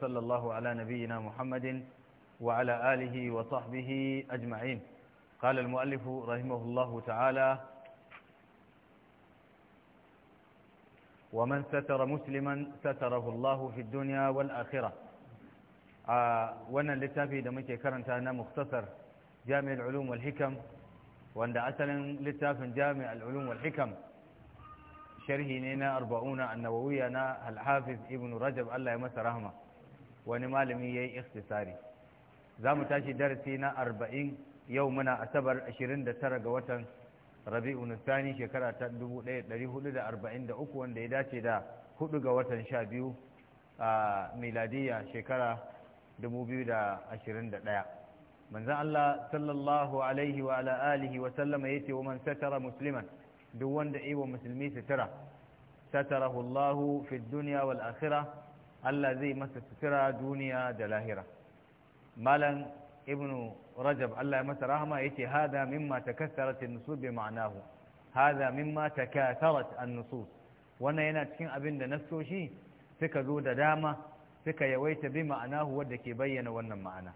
وصلى الله على نبينا محمد وعلى آله وصحبه أجمعين قال المؤلف رحمه الله تعالى ومن ستر مسلما ستره الله في الدنيا والآخرة آه، وانا لتافي دمك كرنت أنا مختصر جامع العلوم والحكم وانا أسلا لتافي جامع العلوم والحكم شرهنين أربعون النووية الحافظ ابن رجب الله يمس رحمه wani malami ya yi ikhtisari za mu tashi darasi na arba'in yau muna asabar 29 ga watan rabi'u nisani shekara ta 1443 wanda ya dace da 4 ga watan 12 a miladiya shekara 2021 manzan Allah sallallahu alaihi wa ala alihi wa sallama ya yace wa man satara musliman duk wanda yi wa musulmi satara satarahu Allahu fid dunya wal akhirah Allah zai masa sutura duniya da lahira malam ibnu rajab Allah ya masa rahama yake hada mimma takassarat an-nusus bi ma'nahu hada mimma takatharat an-nusus wannan yana cikin abin da nassoshi suka zo da dama suka yawaita bi ma'anahu wanda ke bayyana wannan ma'ana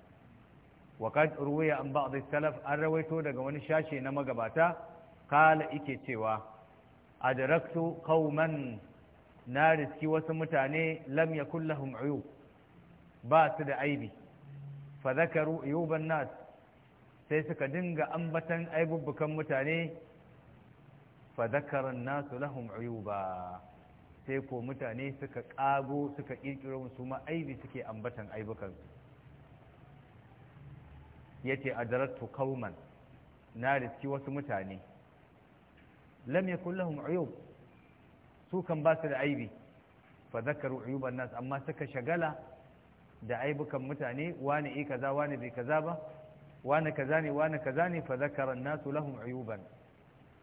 وقد روي an بعض salaf an rawaito daga wani sashe na magabata Qala ike cewa adraktu qauman na riski wasu mutane lam yakul lahum uyub ba su da aibi fa zakaru uyuban nas sai suka dinga ambatan aibubbukan mutane fa zakara an-nas lahum ba sai ko mutane suka kago suka kirkiro su ma aibi suke ambatan aibukan yace adaratu kauman na riski wasu mutane lam yakul lahum uyub su kan ba su da aibi fa zakaru uyuban nas amma suka shagala da aibukan mutane wani e kaza wani bai kaza ba wani kaza ne wani kaza ne fa zakaran nasu lahum uyuban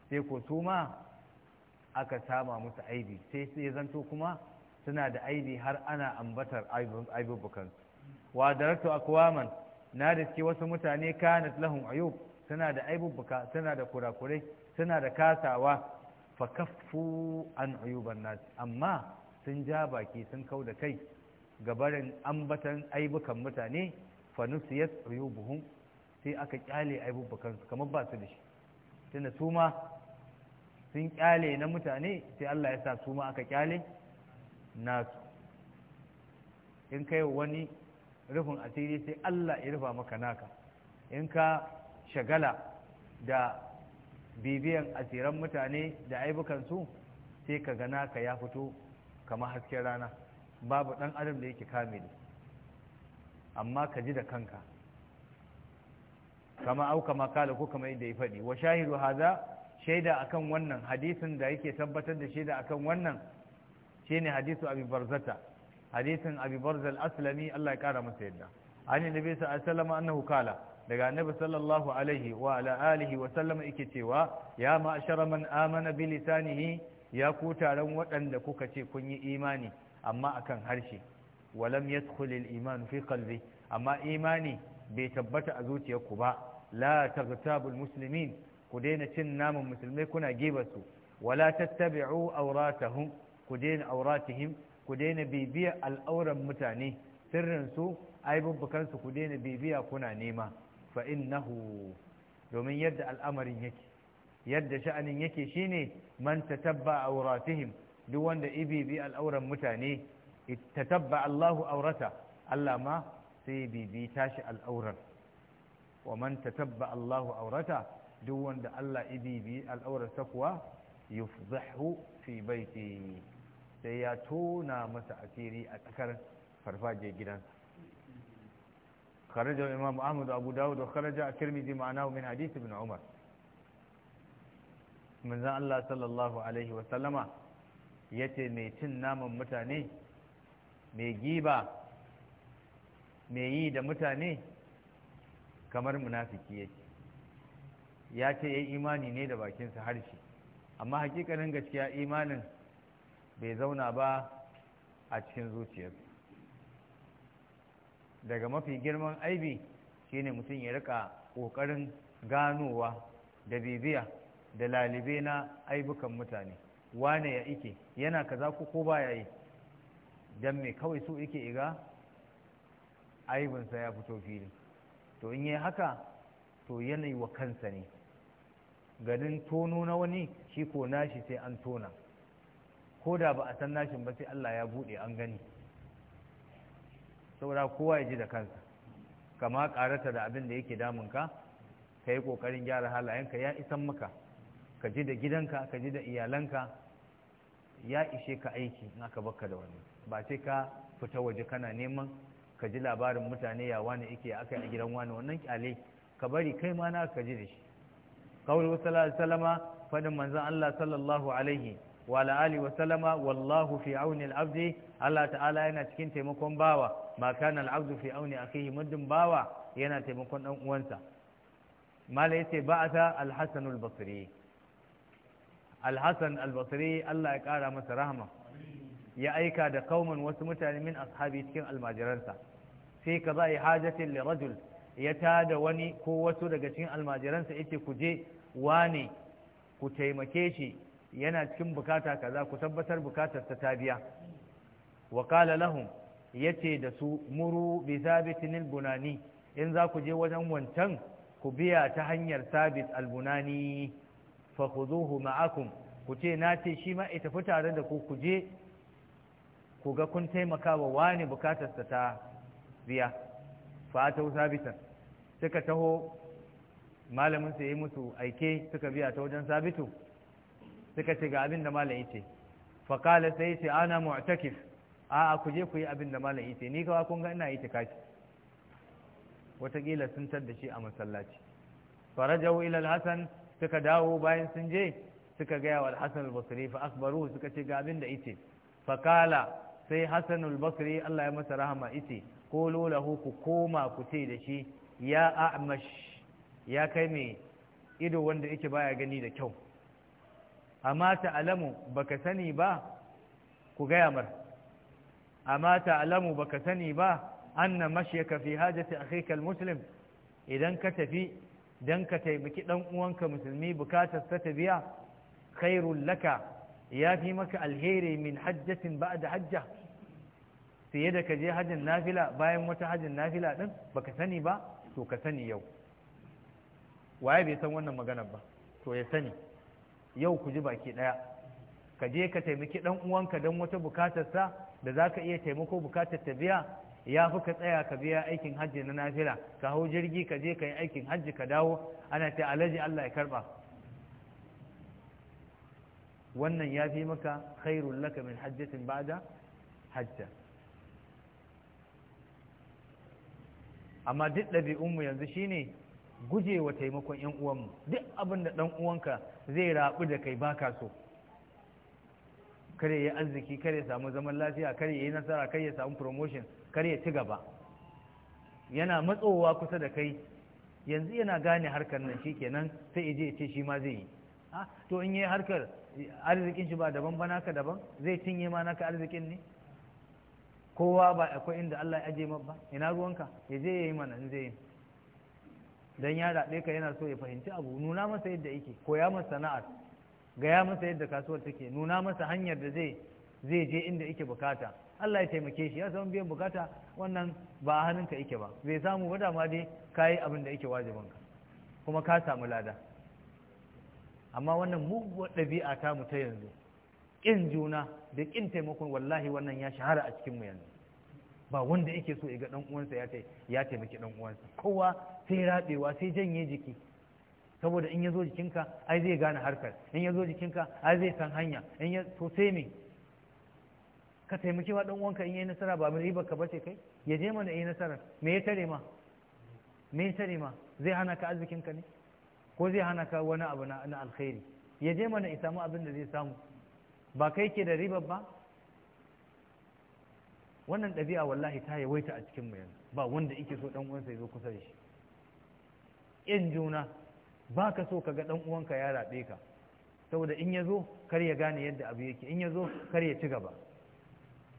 sai ko su ma aka sama musu aibi sai sai zanto kuma suna da aibi har ana ambatar aibubukan wa daraktu akwaman na da riske wasu mutane kanat lahum uyub suna da aibubuka suna da kurakurai suna da kasawa fakaffu an ayuban nas amma sun ja baki sun kau da kai gabarin ambatan aibukan mutane fanusiyat uyubuhum sai aka kyale aibubukan su kamar ba su da shi tunda su ma sun kyale na mutane sai Allah ya sa su ma aka kyale nasu in kai wani rufin asiri sai Allah ya rufa maka naka in ka shagala da bibiyan asiran mutane da aibukansu sai ka gana ka ya fito kamar hasken rana babu ɗan adam da yake kamili amma ka ji da kanka kama auka makala ko kama yadda ya faɗi wa shahidu haza shaida akan wannan hadisin da yake tabbatar da shaida akan wannan shine hadisu abi barzata hadisin abi barzal aslami Allah ya kara masa yadda an yi nabi sallallahu alaihi wasallam annahu kala daga annabi sallallahu alaihi wa ala alihi wa sallama yake cewa ya ma'ashara man amana bi lisanihi ya ku taron waɗanda kuka ce kun yi imani amma akan harshe walam yadkhul al-iman fi qalbi amma imani bai tabbata a zuciyarku ba la taghtabu al-muslimin ku daina cin naman musulmai kuna giba su wala tattabi'u awratahum ku daina auratihim ku daina bibiya al'auran mutane sirrin su aibubbukan su ku daina bibiya kuna nema fa domin yadda al'amarin yake yadda sha'anin yake shine man tatabba auratihim duk wanda ibibi al'auran mutane tatabba Allahu aurata Allah ma sai bibi tashi al'auran wa man tatabba Allahu aurata duk wanda Allah ibibi al'aurarsa kuwa yufzahu fi baiti sai ya tona masa asiri a tsakar farfajiyar gidansa خرج الإمام أحمد أبو داود وخرج الترمذي معناه من حديث ابن عمر من ذا الله صلى الله عليه وسلم يتي مي تن نام متاني مي جيبا ميجيبا مييد متاني كمر منافقي يتي ya ce ya imani ne da bakinsa harshe amma hakikanin gaskiya imanin bai zauna ba a cikin zuciyarsa daga mafi girman aibi shine mutum ya rika ƙoƙarin ganowa da bibiya da lalibe na aibukan mutane wane ya ike yana kaza ko ko ya yi don me kawai su ike iga aibinsa ya fito fili to in yi haka to yanayi wa kansa ne ganin tono na wani shi ko nashi sai an tona ko da ba a san nashin ba sai Allah ya buɗe an gani saboda kowa ya ji da kansa kama karata da abin da yake damun ka yi kokarin gyara halayenka ya isan maka ka ji da gidanka ka ji da iyalanka ya ishe ka aiki na ka baka da wani ba sai ka fita waje kana neman ka ji labarin mutane ya wani yake aka a gidan wani wannan kyale ka bari kai ma na ka ji da shi Kawai wasu salama fadin manzan Allah sallallahu alaihi wa la'ali wasu wa wallahu fi auni abdi Allah ta'ala yana cikin taimakon bawa ma kana al'abdu fi auni akhihi muddin bawa yana taimakon dan uwansa mala yace ba'ata al-hasan al-basri al-hasan al-basri Allah ya kara masa rahma ya aika da kauman wasu mutane min ashabi cikin almajiransa sai ka za yi hajatin li ya tada wani ko wasu daga cikin almajiransa yace ku je wane ku taimake shi yana cikin bukata kaza ku tabbatar bukatar ta biya wa qala lahum ya ce da su muru bi sabitin al-bunani in za ku je wajen wancan ku biya ta hanyar sabit al-bunani fa khuduhu ma'akum ku ce na ce shi ma ita fi tare da ku ku je ku ga kun taimaka wa wani bukatarsa ta biya fa ta sabitan suka taho malamin su yi musu aike suka biya ta wajen sabitu suka ce ga abin da malam yace fa qala sai ce ana mu'takif a'a ku je ku yi abin da malam yace ni kawa kun ga ina itikafi watakila sun tar da shi a masallaci farajahu ila al-hasan suka dawo bayan sun je suka gaya wa al-hasan al-basri fa akbaru suka ce ga abin da yace fa kala sai hasan al-basri Allah ya masa rahama yace qulu lahu ku koma ku ce da shi ya a'mash ya kai me ido wanda yake baya gani da kyau amma ta alamu baka sani ba ku gaya mar amma ba ka sani ba anna mashyaka fi hajati akhika almuslim idan ka tafi dan ka taimaki dan uwanka musulmi bukatar ta biya khairul laka ya fi maka alheri min hajjatin ba'da hajja fiye da ka je hajjin nafila bayan wata hajjin nafila din ba ka sani ba to ka sani yau waye bai san wannan maganar ba to ya sani yau ku ji baki daya ka je ka taimaki dan uwanka don wata bukatarsa da za ka iya taimako bukatar ta biya ya fi ka tsaya ka biya aikin hajji na nafila ka hau jirgi ka je ka yi aikin hajji ka dawo ana ta alaji Allah ya karba wannan ya fi maka khairun laka min hajjatin ba'da hajja amma duk ɗabi'unmu yanzu shine guje wa taimakon 'yan uwanmu duk abin da ɗan uwanka zai rabu da kai baka so kare ya arziki kare ya samu zaman lafiya kare ya yi nasara kare ya samu promotion kare ya ci gaba yana matsowa kusa da kai yanzu yana gane harkar nan shikenan sai ya je ya ce shi ma zai yi to in yi harkar arzikin shi ba daban ba naka daban zai cinye ma naka arzikin ne kowa ba akwai inda Allah ya aje ba ina ruwanka ya je ya yi mana in zai yi dan ya raɗe ka yana so ya fahimci abu nuna masa yadda yake koya masa sana'ar gaya masa yadda kasuwar take nuna masa hanyar da zai zai je inda yake bukata Allah ya taimake shi ya san biyan bukata wannan ba a hannunka yake ba zai samu ba dama dai kayi abin da yake ka kuma ka samu lada amma wannan muguwar ɗabi'a ta mu ta yanzu ƙin juna da ƙin taimakon wallahi wannan ya shahara a mu yanzu ba wanda yake so ya ga dan uwansa ya taimaki dan uwansa kowa sai raɓewa sai janye jiki saboda in ya zo jikinka ai zai gane harkar in ya zo jikinka ai zai san hanya in ya to sai me ka taimaki wa uwanka in yi nasara ba mai ribar ka bace kai ya je mana yi nasara me ya tare ma me ya tare ma zai hana ka arzikinka ne ko zai hana ka wani abu na alkhairi ya je mana ya samu abin da zai samu ba kai ke da ribar ba wannan ɗabi'a wallahi ta yawaita a cikin mu yanzu ba wanda yake so dan uwansa ya zo kusa da shi in juna ba ka so ka ga ɗan uwanka ya raɓe ka saboda in ya zo kar ya gane yadda abu yake in ya zo kar ya ci gaba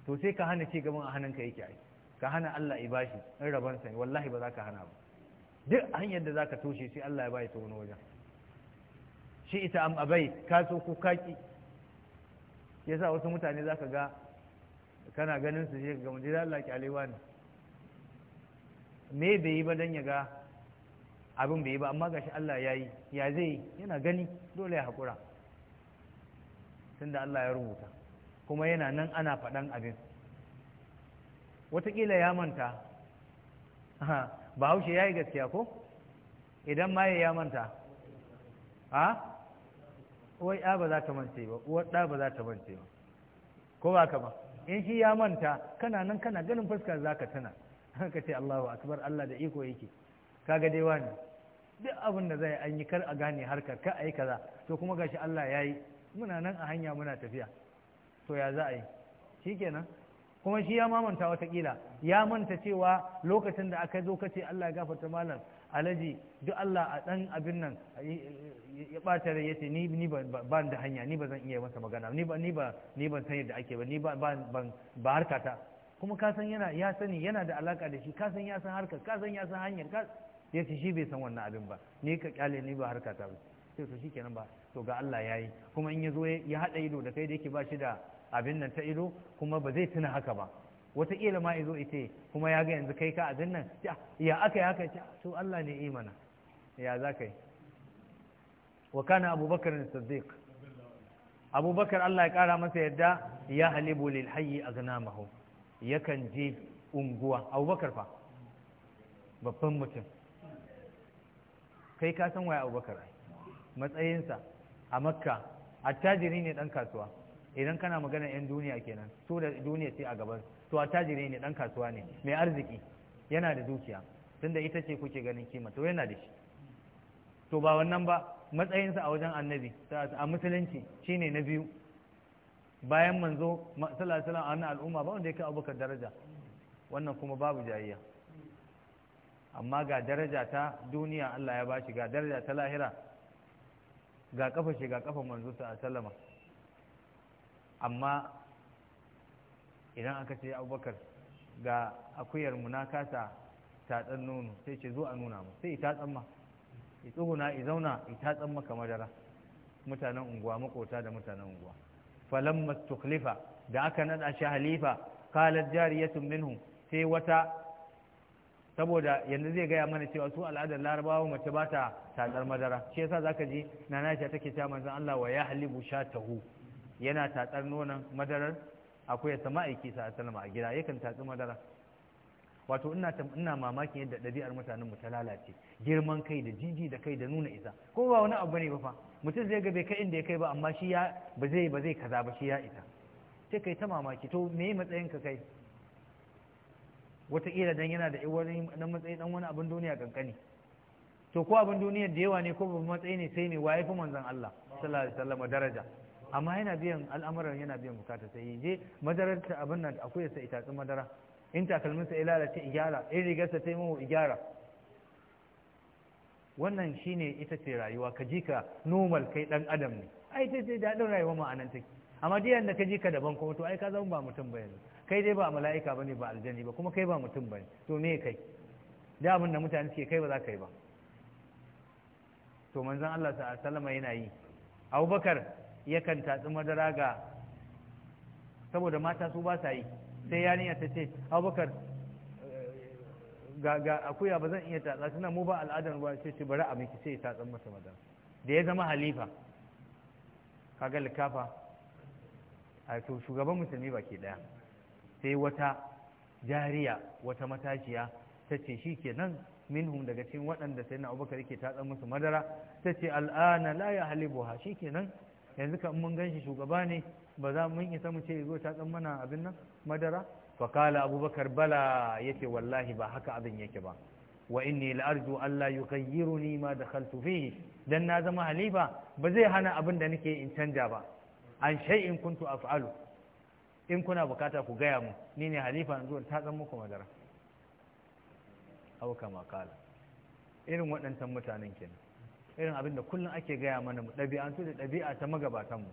to sai ka hana ci gaban a hannunka yake aiki ka hana Allah ya bashi in raban sa wallahi ba za ka hana ba duk hanyar da za ka toshe sai Allah ya bai ta wani wajen shi ita am abai ka so ko kaki yasa wasu mutane za ka ga kana ganin su sai ka ga mun Allah ki ne me bai yi ba dan ya ga abin bai yi ba amma gashi Allah ya yi ya zai yana gani dole ya haƙura da Allah ya rubuta kuma yana nan ana faɗan abin watakila ya manta bahaushe ya yi gaskiya ko idan ma ya manta ha uwar ya ba za ta mance ba uwar ɗa ba za ta mance ba ko ba ka ba in shi ya manta kana nan kana ganin fuskar za ka tana ka ce Allahu akbar Allah da iko yake kaga dai wani duk abin da zai an yi kar a gane harkar ka a yi kaza to kuma gashi Allah ya yi muna nan a hanya muna tafiya to ya za a yi shikenan kuma shi ya mamanta watakila ya manta cewa lokacin da aka zo kace Allah ya gafarta malam alaji duk Allah a dan abin nan ya bata rai yace ni ni ban da hanya ni ba zan iya masa magana ni ba ni ba ni ban san yadda ake ba ni ba ban ba harkata kuma ka san yana ya sani yana da alaka da shi ka san ya san harkar ka san ya san hanyar ka ya shi bai san wannan abin ba ni ka kyale ni ba harka ta ba sai to shikenan ba to ga Allah yayi kuma in yazo zo ya hada ido da kai da yake ba shi da abin nan ta ido kuma ba zai tuna haka ba wata kila ma ya zo kuma ya ga yanzu kai ka abin nan ya ah, aka yi haka ah, to Allah ne imana ya za ka yi wa kana abubakar siddiq abubakar Allah ya kara masa yadda ya halibu lil hayyi aghnamahu yakan je unguwa abubakar fa babban mutum kai ka san waye abubakar matsayinsa a makka attajiri ne dan kasuwa idan kana magana yan duniya kenan su da duniya ce a gaban to attajiri ne dan kasuwa ne mai arziki yana da dukiya tunda ita ce kuke ganin kima to yana da shi to ba wannan ba matsayinsa a wajen annabi a musulunci shine na biyu bayan manzo sallallahu alaihi wasallam a wannan al'umma ba wanda ya kai abubakar daraja wannan kuma babu jayayya amma ga daraja ta duniya Allah ya bashi ga daraja ta lahira ga kafa shi ga kafa manzo a sallama amma idan aka ce abubakar ga akuyar ta tatsan nono sai ce zo a nuna mu sai ita tsamma ya tsuhuna ya zauna ita tsamma kamar dara mutanen unguwa makota da mutanen unguwa falamma tukhlifa da aka nada shi halifa qalat jariyatun minhum sai wata saboda yanzu zai gaya mana cewa su al'adar larabawa mace ba ta tatsar madara shi yasa zaka ji nana ta take cewa manzon Allah wa ya halibu sha tahu yana tatsar nonon madarar akwai ya sama aiki sa sallama a gida yakan tatsi madara wato ina ina mamakin yadda ɗabi'ar mutanen mu ta lalace girman kai da jiji da kai da nuna isa ko ba wani abu ne ba fa mutum zai ga bai kai inda ya kai ba amma shi ya ba zai ba zai kaza ba shi ya isa sai kai ta mamaki to me matsayin ka kai wataƙila dan yana da wani na matsayi dan wani abin duniya kankani to ko abin duniya da yawa ne ko babban matsayi ne sai ne waye fi manzon Allah sallallahu alaihi wasallam daraja amma yana biyan al'amuran yana biyan bukata sai yi. je madarar ta abin nan akwai sai itatsin madara in takalmin sa ilala ta igyara in rigar sa sai mu igyara wannan shine ita ce rayuwa ka ji ka normal kai dan adam ne ai sai ce daɗin rayuwa ma'anan take amma diyan da ka ji ka daban kuma to ai ka zama ba mutum ba yanzu kai dai ba mala'ika bane ba aljani ba kuma kai ba mutum bane to me kai da abin da mutane suke kai ba za ka yi ba to manzon Allah sallallahu alaihi yana yi Abubakar yakan tatsi madara ga saboda mata su ba sa yi sai yarinya ta ce Abubakar ga ga akuya ba zan iya tatsa tana mu ba al'adar ba sai ce bari a miki sai tatsan masa madara da ya zama halifa kaga likafa a to shugaban musulmi baki daya sai wata jariya wata matashiya ta ce shi nan minhum daga cikin waɗanda sai na abubakar yake tatsa musu madara ta ce al'ana la ya ha shi kenan yanzu kan mun gan shi shugaba ne ba za mun isa mu ce zo tatsan mana abin nan madara fakala abubakar bala yace wallahi ba haka abin yake ba wa inni la'arju Allah ni ma da kaltu fihi dan na zama halifa ba zai hana abin da nake in canja ba an shay'in kuntu af'alu in kuna bukata ku gaya mu ni ne halifa na zuwan tatsan muku madara auka makala irin waɗancan mutanen kenan irin abin da kullum ake gaya mana mu ɗabi'antu da ɗabi'a ta magabatanmu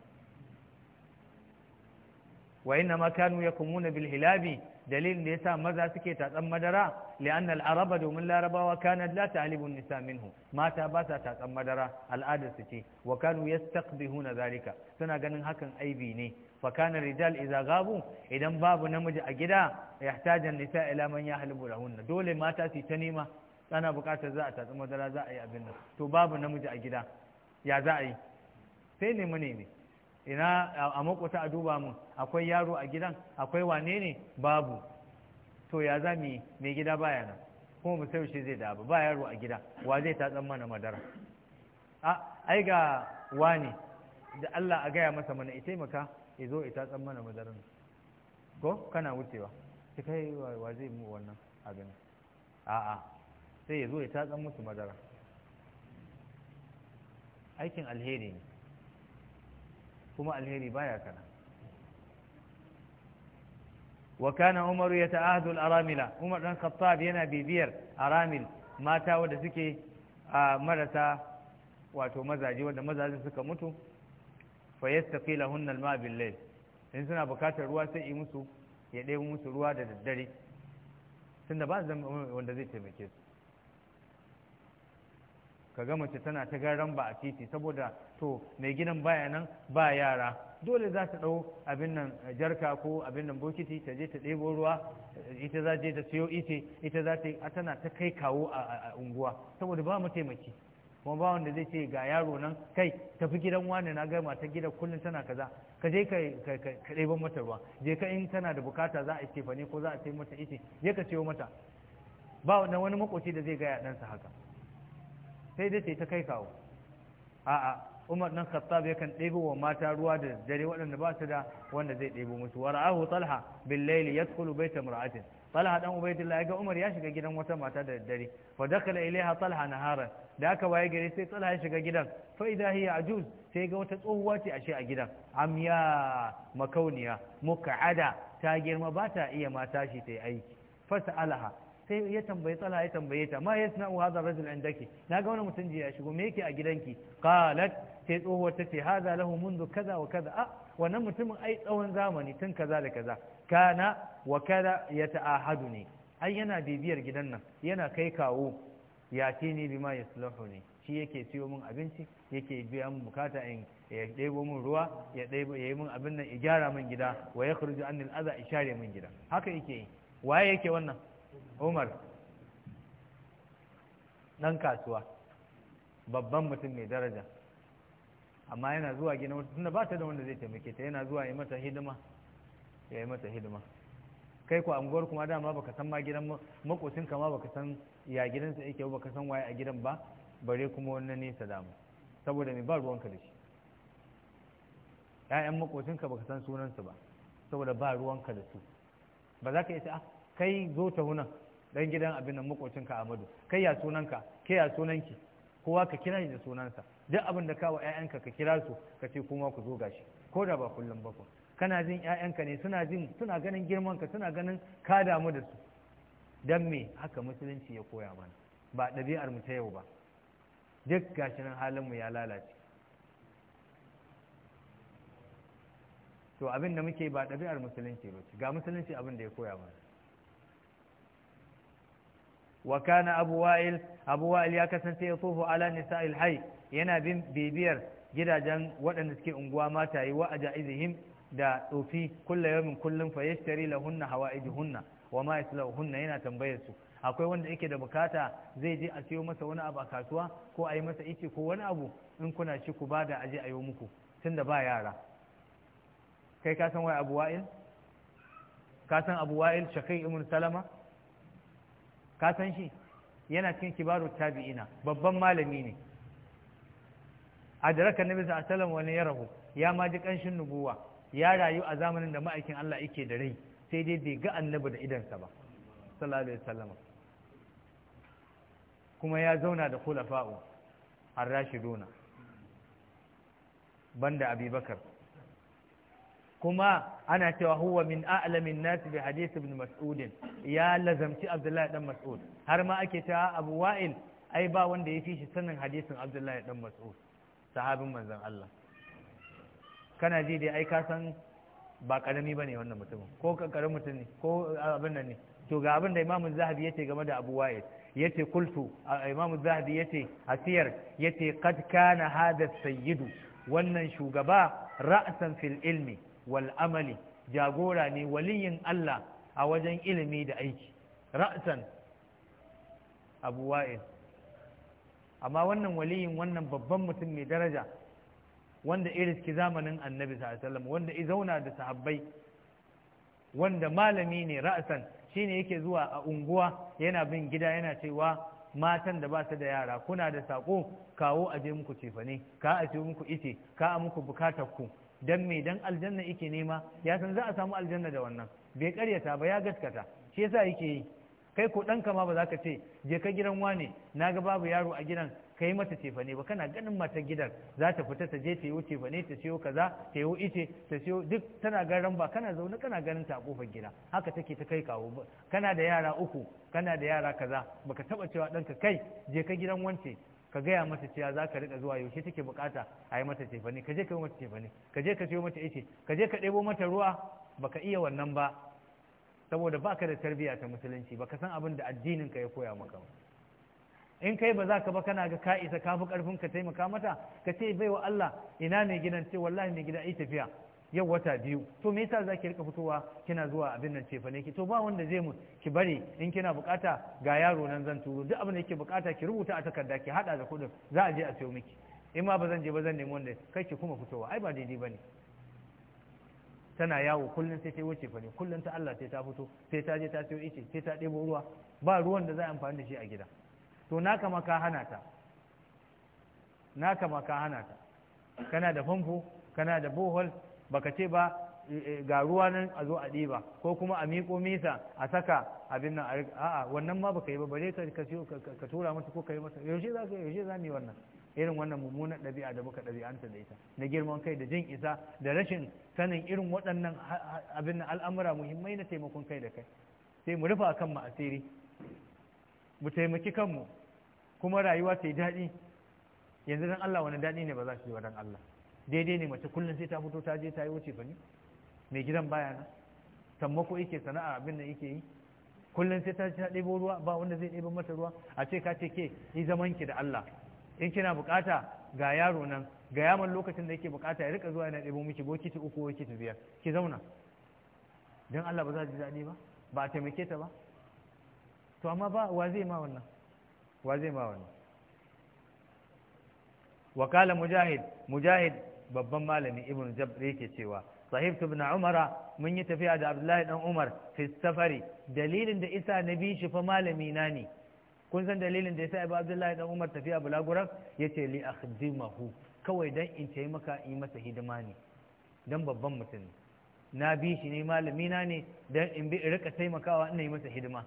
wa inna ma ya yakumuna bil hilabi dalilin da yasa maza suke tatsan madara li'anna al-araba domin larabawa kana la ta'libu nisa minhu mata ba sa tatsan madara al'adar su ce wa kanu yastaqbihuna zalika suna ganin hakan aibi ne fakanar rijal iza gabu idan babu namiji a gida yahtajan nisa ila man yahlibu lahunna dole mata su ta nema ana buƙatar za a tatsi madara za a yi abin nan to babu namiji a gida ya za a yi sai ne ne ina a makwata a duba mu akwai yaro a gidan akwai wane ne babu to ya za mu mai gida baya nan kuma mu shi zai da ba yaro a gida wa zai tatsan mana madara a ai ga wane da Allah a gaya masa mana ya taimaka ya zo ita tsan mana madarar ko kana wucewa ki kai wa zai mu wannan abin a'a sai ya zo ita tatsan musu madara aikin alheri ne kuma alheri baya kana wa kana umaru ya ta'adul aramila umar dan khattab yana bibiyar aramil mata wadda suke a marasa wato mazaje wadda mazaje suka mutu fa fila hunnan alma bil in suna bukatar ruwa sai yi musu ya ɗebo musu ruwa da daddare tunda ba zan wanda zai taimake su ga mace tana ta garan ba a titi saboda to mai gidan bayanan ba yara dole za ta ɗau abin nan jarka ko abin nan bokiti ta je ta ɗebo ruwa ita za je ta siyo ita ita za ta tana ta kai kawo a unguwa saboda ba mu taimaki kuma ba wanda zai ce ga yaro nan kai tafi gidan wani na gama ta gida kullum tana kaza ka je ka ɗebo mata ruwa je ka in tana da bukata za a ce fa ne ko za a ce mata ice je ka ciwo mata ba wanda wani makoci da zai gaya ɗansa haka sai dai ta kai kawo a'a umar nan khattab yakan ɗebo wa mata ruwa da dare waɗanda ba su da wanda zai ɗebo musu wa ra'ahu talha bil layl yadkhulu bayta imra'atin talha dan ya ga umar ya shiga gidan wata mata da dare fa dakala ilaiha talha naharan da aka waye gari sai tsala ya shiga gidan fa idza hiya ajuz sai ga wata tsohuwa ce ashe a gidan amya makauniya muka'ada ta girma ba ta iya ma tashi ta yi aiki fasalaha sai ya tambayi tsala ya tambaye ta ma yasna wa hadha rajul indaki ga wani mutum ya shigo me yake a gidanki qalat sai tsohuwar ta ce hadha lahu mundu kaza wa kaza a wannan mutumin ai tsawon zamani tun kaza da kaza kana wa kaza ne. ai yana bibiyar gidan nan yana kai kawo ya tini bima ya ne shi yake siyo min abinci yake biya min bukata in ya ɗebo min ruwa ya ɗebo ya yi min abin nan ya gyara min gida wa ya kurji an al'aza ya share min gida haka yake yi waye yake wannan umar ɗan kasuwa babban mutum mai daraja amma yana zuwa gina wata tunda ba ta da wanda zai taimake ta yana zuwa ya mata hidima ya yi mata hidima kai ko anguwar kuma dama baka san ma gidan makocin ka ma baka san ya gidansa yake ba baka san waye a gidan ba bare kuma wannan nesa dama saboda me ba ruwanka da shi ƴaƴan makocinka baka san sunansu ba saboda ba ruwanka da su ba za ka yi ta ah, kai zo ta hunan dan gidan abin nan makocinka Amadu kai ya sunanka ke ya sunanki kowa ka kira da sunansa duk abin da kawo ƴaƴanka ka kira su ka ce kuma ku zo gashi ko da ba kullum ba ku kana jin ƴaƴanka ne suna jin suna ganin girmanka suna ganin ka damu da su don me haka musulunci ya koya mana ba ɗabi'ar mu ta yau ba duk gashi nan halinmu ya lalace to abin da muke ba ɗabi'ar musulunci ba ga musulunci abin da ya koya mana wa kana abu wa'il abu wa'il ya kasance ya tsoho ala nisa'il hay yana bin bibiyar gidajen waɗanda suke unguwa mata yi wa ja'izihim da tsofi kulla yamin kullum fa yashtari lahunna hawaijuhunna wa ma yaslahunna yana tambayar su akwai wanda yake da bukata zai je a siyo masa wani abu a kasuwa ko a yi masa ice ko wani abu in kuna ci ku bada aje a yi muku tunda ba yara kai ka san wai abu wa'il ka san abu wa'il shakai ibn salama ka san shi yana cikin kibaru tabi'ina babban malami ne adraka nabi sallallahu alaihi wasallam wani ya rahu. ya ma ji kanshin nubuwa ya rayu a zamanin da ma'aikin Allah yake da rai sai dai bai ga annabi da idansa ba sallallahu alaihi wasallam kuma ya zauna da khulafa'u ar-rashiduna banda abubakar kuma ana cewa huwa min a'lamin nas bi hadith ibn mas'ud ya lazamci abdullahi dan mas'ud har ma ake cewa abu wa'il ai ba wanda ya fi shi sanin hadisin abdullahi dan mas'ud sahabin manzon Allah kana ji dai ai ka san ba karami bane wannan mutumin ko karamin mutum ne ko abin nan ne to ga abin da imamu zahabi yace game da abu wa'id yace kultu imamu zahabi yace asiyar yace qad kana hada sayyidu wannan shugaba ra'san fil ilmi wal amali jagora ne waliyin Allah a wajen ilimi da aiki ra'san abu wa'id amma wannan waliyin wannan babban mutum mai daraja wanda iriski zamanin annabi sallallahu wanda i zauna da sahabbai wanda malami ne ra'asan shine yake zuwa a unguwa yana bin gida yana cewa matan da ba su da yara kuna da sako kawo a je muku cefane ka a ce muku ice ka a muku bukatar ku dan me dan aljanna yake nema ya san za a samu aljanna da wannan bai karyata ba ya gaskata shi yasa yake yi kai ko ɗanka ma ba za ka ce je ka gidan wane na ga babu yaro a gidan ka mata cefane ba kana ganin matar gidan za ta fita ta je ta yi cefane ta siyo kaza ta yi ice ta siyo duk tana ganin ba kana zaune kana ganin ta a kofar gida haka take ta kai kawo ba kana da yara uku kana da yara kaza baka taba cewa ɗanka kai je ka gidan wance ka gaya mata cewa za ka riƙa zuwa yaushe take bukata a yi mata cefane ka je ka yi mata cefane ka je ka siyo mata ice ka je ka ɗebo mata ruwa baka iya wannan ba saboda baka da tarbiyya ta musulunci baka san abin da addinin ka ya koya maka ba in kai ba za ka ba kana ga ka isa ka fi karfin ka taimaka mata ka ce bai Allah ina mai gidan ce wallahi mai gida ai tafiya yau wata biyu to me yasa ki rika fitowa kina zuwa abin nan cefa ne ki to ba wanda zai mu ki bari in kina bukata ga yaro nan zan turo duk abin da yake bukata ki rubuta a takarda ki hada da kudin za a je a sayo miki in ma ba zan je ba zan nemi wanda kai ki kuma fitowa ai ba daidai bane tana yawo kullum sai ta wuce fa ne kullum ta Allah sai ta fito sai ta je ta sayo ice sai ta debo ruwa ba ruwan da za a amfani da shi a gida to na kama ka hana ta na kama ka hana ta kana da famfo kana da bohol baka ce ba e, e, ga ruwa nan a zo a ɗiba ko kuma a miƙo misa a saka abin nan a'a wannan ma baka yi ba bare ka ka tura mata ko ka yi masa yaushe za ka yaushe za mu yi wannan irin wannan mummunan ɗabi'a da muka ɗabi'anta da ita na girman kai da jin isa da rashin sanin irin waɗannan abin nan al'amura muhimmai na taimakon kai da kai sai mu rufa kanmu asiri mu taimaki kanmu kuma rayuwa ta yi daɗi yanzu dan Allah wani daɗi ne ba za su yi wa Allah daidai ne mace kullum sai ta fito ta je ta yi wuce ba ne mai gidan baya na sammako yake sana'a abin da yake yi kullum sai ta ci ta ɗebo ruwa ba wanda zai ɗebo mata ruwa a ce ka ce ke yi zaman ki da Allah in kina bukata ga yaro nan ga yaman lokacin da yake bukata ya rika zuwa yana ɗebo miki bokiti uku bokiti biyar ki zauna don Allah ba za ji daɗi ba ba a taimake ta ba to amma ba wa zai ma wannan wa zai ma wani wakala mujahid mujahid babban malami ibn jabri yake cewa sahib ibn umara mun yi tafiya da abdullahi dan umar fi safari dalilin da isa na bi shi fa malami na ne kun san dalilin da yasa ibn abdullahi dan umar tafiya bulaguran yace li akhdimahu kawai dan in tayi maka yi masa hidima ne dan babban mutum na bi shi ne malami na ne dan in bi rika taimakawa in yi masa hidima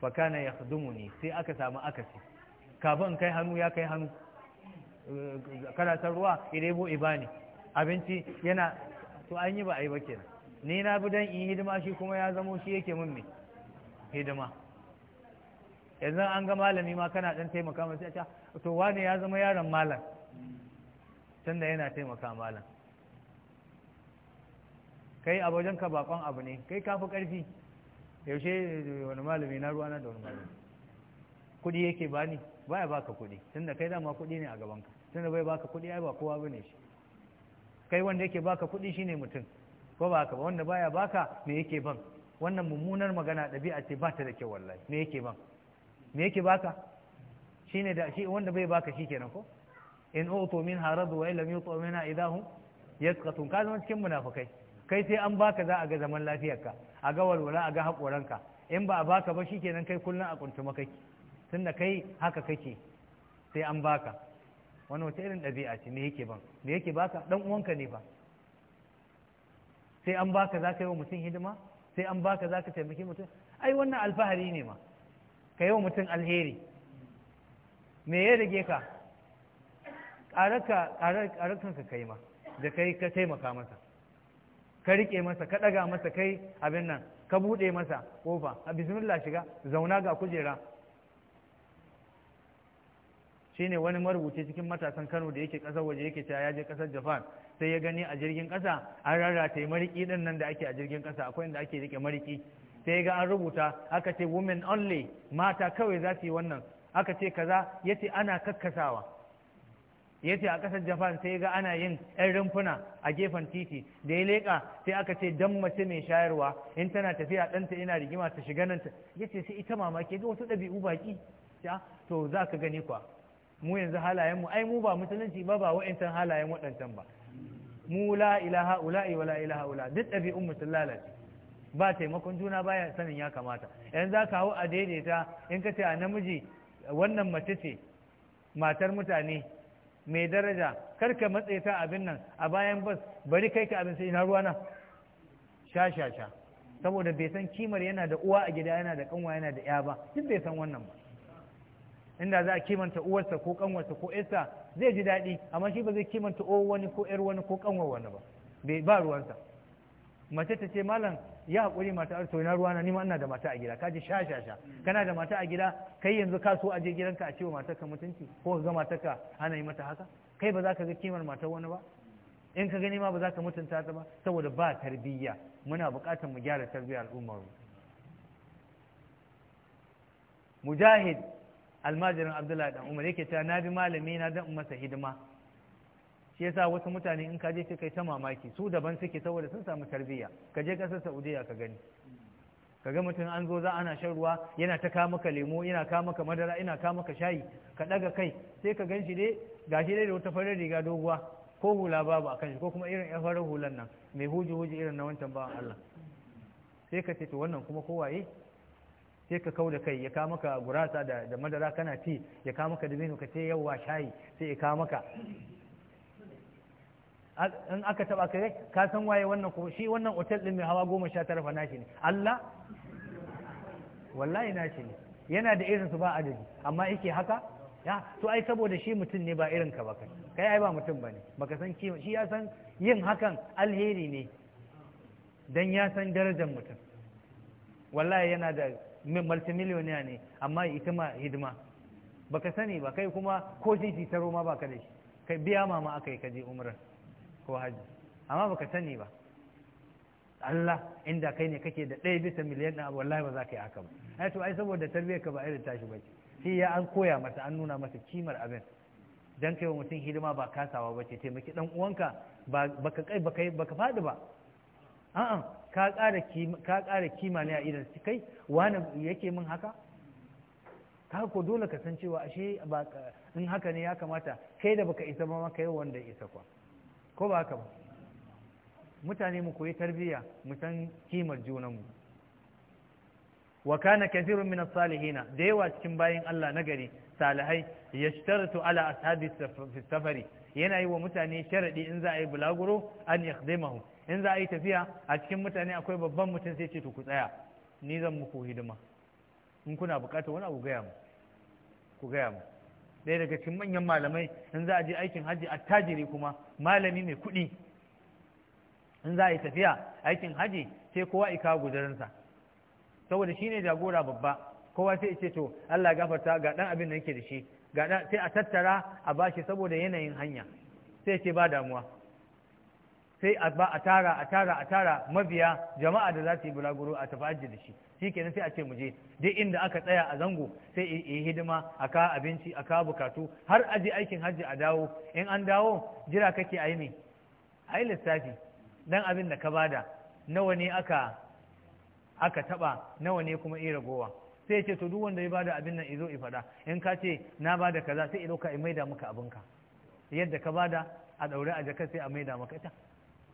fakana ya yakhdumuni sai aka samu akasi kafin kai hannu ya kai hannu karatar ruwa irebo ibani abinci yana to an yi ba a yi ba kenan ni na bi dan in hidima shi kuma ya zamo shi yake min me hidima yanzu an ga malami ma kana dan taimaka masa ya to wane ya zama yaron malam tunda yana taimaka malam kai a wajen ka bakon abu ne kai kafi karfi yaushe wani malami na ruwa na da wani malami kuɗi yake bani baya baka kuɗi tunda kai dama kuɗi ne a gabanka tunda bai baka kuɗi ai ba kowa bane shi kai wanda yake baka kuɗi shine mutum ko ba haka ba wanda baya baka me yake ban wannan mummunar magana ɗabi'a ce ba ta da kyau wallahi me yake ban me yake baka shine da shi wanda bai baka shi kenan ko in utu min haradu wa illam yutu minha idahum yasqatun ka cikin munafikai kai sai an baka za a ga zaman lafiyarka a ga walwala a ga haƙoranka in ba a baka ba shikenan kai kullum a kuntuma tun da kai haka kake sai an baka wani wata irin ɗabi'a ce me yake ban me yake baka dan uwanka ne ba sai an baka za ka yi wa mutum hidima sai an baka za ka taimaki mutum ai wannan alfahari ne ma ka yi wa mutum alheri me ya rage ka ƙararka ka kai ma da kai ka taimaka masa ka rike masa ka ɗaga masa kai abin nan ka buɗe masa ƙofa a bismillah shiga zauna ga kujera shi ne wani marubuci cikin matasan Kano da yake ƙasar waje yake cewa ya je ƙasar Japan sai ya gani a jirgin ƙasa an rarrata mariki ɗin nan da ake a jirgin ƙasa akwai inda ake rike mariki sai ya ga an rubuta aka ce women only mata kawai za su yi wannan aka ce kaza yace ana kakkasawa ya ce a ƙasar japan sai ga ana yin 'yan rumfuna a gefen titi da ya leƙa sai aka ce dan mace mai shayarwa in tana tafiya ɗanta ina rigima ta shiga nan ta ya ce sai ita mamaki ga wasu ɗabi'u baƙi ya to za ka gani kwa mu yanzu halayenmu ai mu ba musulunci ba ba wa'incan halayen waɗancan ba mu la ilaha ula'i wa la ilaha ula duk ɗabi'un mu sun lalace ba taimakon juna baya sanin ya kamata yan za ka hau a daidaita in ka ce a namiji wannan mace ce matar mutane mai daraja kar ka matse ta abin nan a bayan bas bari kai ka abin sai na ruwa na sha sha sha saboda bai san kimar yana da uwa a gida yana da kanwa yana da ya ba duk bai san wannan ba inda za a kimanta uwarsa ko kanwarsa ko yarsa zai ji daɗi amma shi ba zai kimanta uwar wani ko yar wani ko kanwar wani ba bai ba ruwansa mace ta ce malam ya haƙuri mata arto na ruwa na nima ina da mata a gida ka ji sha sha sha kana da mata a gida kai yanzu ka so aje je gidanka a ce wa matarka mutunci ko ka ga ka ana yi mata haka kai ba za ka ga kimar matar wani ba in ka gani ma ba za ka mutunta ta ba saboda ba tarbiyya muna buƙatar mu gyara tarbiyyar al'ummar mujahid almajirin abdullahi dan umar yake ta na bi malami na dan masa hidima shi yasa wasu mutane in ka je sai kai ta mamaki su daban suke saboda sun samu tarbiyya ka je kasar Saudiya ka gani ka ga mutum an zo za ana shan ruwa yana ta kama ka lemo yana kama ka madara yana kama ka shayi ka daga kai sai ka gan shi dai shi dai da wata farin riga doguwa ko hula babu a kan shi ko kuma irin yan farar hulan nan mai huji huji irin na wancan bawan Allah sai ka ce to wannan kuma ko waye sai ka kau da kai ya kama ka gurasa da madara kana ci ya kama ka dabino ka ce yawa shayi sai ya kama ka in aka taba kai ka san waye wannan ko shi wannan otel din mai hawa goma sha tara fa nashi ne Allah wallahi nashi ne yana da irin su ba adadi amma yake haka ya to ai saboda shi mutum ne ba irin ka ba kai kai ai ba mutum bane baka san kima shi ya san yin hakan alheri ne dan ya san darajar mutum wallahi yana da multimillionaire ne amma ita ma hidima baka sani ba kai kuma ko titi taro ma baka da shi kai biya mama akai ka kaje umrar ko haji amma baka sani ba Allah inda kai ne kake da ɗaya bisa miliyan ɗin wallahi ba za ka yi haka ba ai to ai saboda tarbiyyar ka ba irin tashi ba ce shi ya an koya masa an nuna masa kimar abin dan kai wa mutum hidima ba kasawa ba ce taimaki dan uwanka ba baka kai baka baka faɗi ba a'a ka ƙara kima ka ƙara kima ne a idan kai wani yake min haka ka ko dole ka san cewa ashe ba in haka ne ya kamata kai da baka isa ba ma kai wanda isa kwa ko ba haka ba mutane mu koyi tarbiyya mu san kimar junanmu wa kana kathirun min as-salihina da yawa cikin bayin Allah na gari salihai yashtaratu ala ashabi fi safari yana yi wa mutane sharadi in za a yi bulaguro an yakhdimahu in za a yi tafiya a cikin mutane akwai babban mutum sai ce to ku tsaya ni zan muku hidima in kuna bukatar wani abu gaya mu ku gaya mu ɗaya daga cikin manyan malamai in za a je aikin hajji attajiri kuma malami mai kuɗi in za a yi tafiya aikin hajji sai kowa ika gudarinsa saboda shine jagora babba kowa sai ce to Allah gafarta ga dan abin da yake da shi ga sai a tattara a bashi saboda yanayin hanya sai ce ba damuwa sai a ba a tara a tara a tara mabiya jama'a da za su yi bulaguro a tafi da shi shi kenan sai a ce mu je duk inda aka tsaya a zango sai a yi hidima a ka abinci a ka bukatu har a je aikin hajji a dawo in an dawo jira kake a yi ne a yi lissafi dan abin da ka bada nawa ne aka aka taba nawa ne kuma iya ragowa sai ya ce to duk wanda ya bada abin nan izo ifada in ka ce na bada kaza sai ya ɗauka ya maida maka abinka yadda ka bada a daure a jaka sai a maida maka ita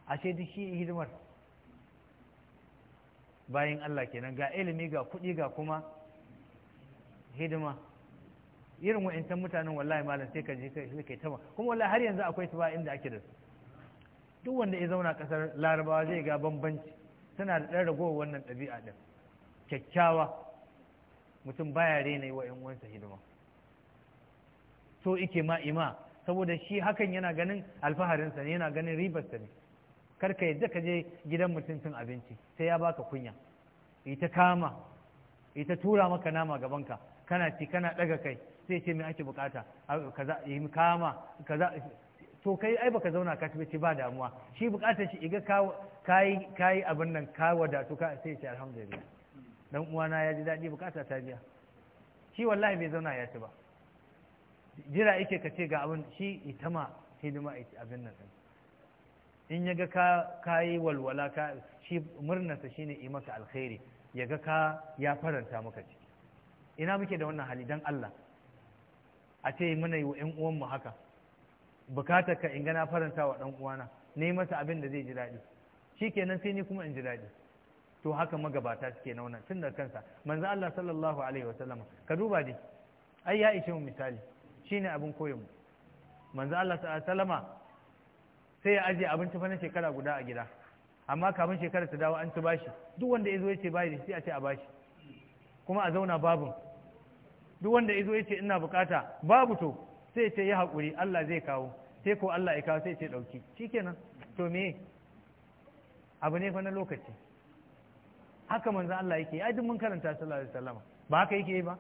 a ce duk shi hidimar bayan Allah kenan ga ilimi ga kuɗi ga kuma hidima irin wa'intan mutanen wallahi malam sai ka je kai tama kuma wallahi har yanzu akwai su ba inda ake da su duk wanda ya zauna kasar larabawa zai ga bambanci suna da ɗan ragowa wannan ɗabi'a ɗin kyakkyawa mutum baya rena wa ‘yan uwansa hidima so ike ma ima saboda shi hakan yana ganin alfaharinsa ne yana ganin ribarsa ne kar ka yadda ka je gidan mutum cin abinci sai ya baka kunya ita kama ita tura maka nama gabanka kana ci kana daga kai sai ce mai ake bukata kaza yi kama kaza to kai ai baka zauna ka ci ba damuwa shi bukatar shi iga kai kai abin nan ka to ka sai ce alhamdulillah dan uwana ya ji daɗi bukata ta biya shi wallahi bai zauna ya ci ba jira yake ka ce ga abin shi itama hidima abin nan in ya ga ka yi walwala ka shi murnarsa shine yi maka alkhairi ya ga ka ya faranta maka ciki ina muke da wannan hali dan Allah a ce muna yi wa ƴan uwanmu haka bukatar ka in ga na faranta wa ɗan uwana ne masa abin da zai ji daɗi shi kenan sai ni kuma in ji daɗi to haka magabata suke na wannan tun da kansa manzo Allah sallallahu alaihi wasallam ka duba dai ai ya ishe mu misali shine abin koyon mu manzo Allah sallallahu alaihi wasallama sai ya ajiye abinci fa na shekara guda a gida amma kafin shekara ta dawo an ci bashi duk wanda ya zo ya ce bai da shi a ce a bashi kuma a zauna babu duk wanda ya zo ya ce ina bukata babu to sai ce ya haƙuri Allah zai kawo sai ko Allah ya kawo sai ce ɗauki shikenan to me abu ne fa na lokaci haka manzo Allah yake ai duk mun karanta sallallahu alaihi wasallam ba haka yake yi ba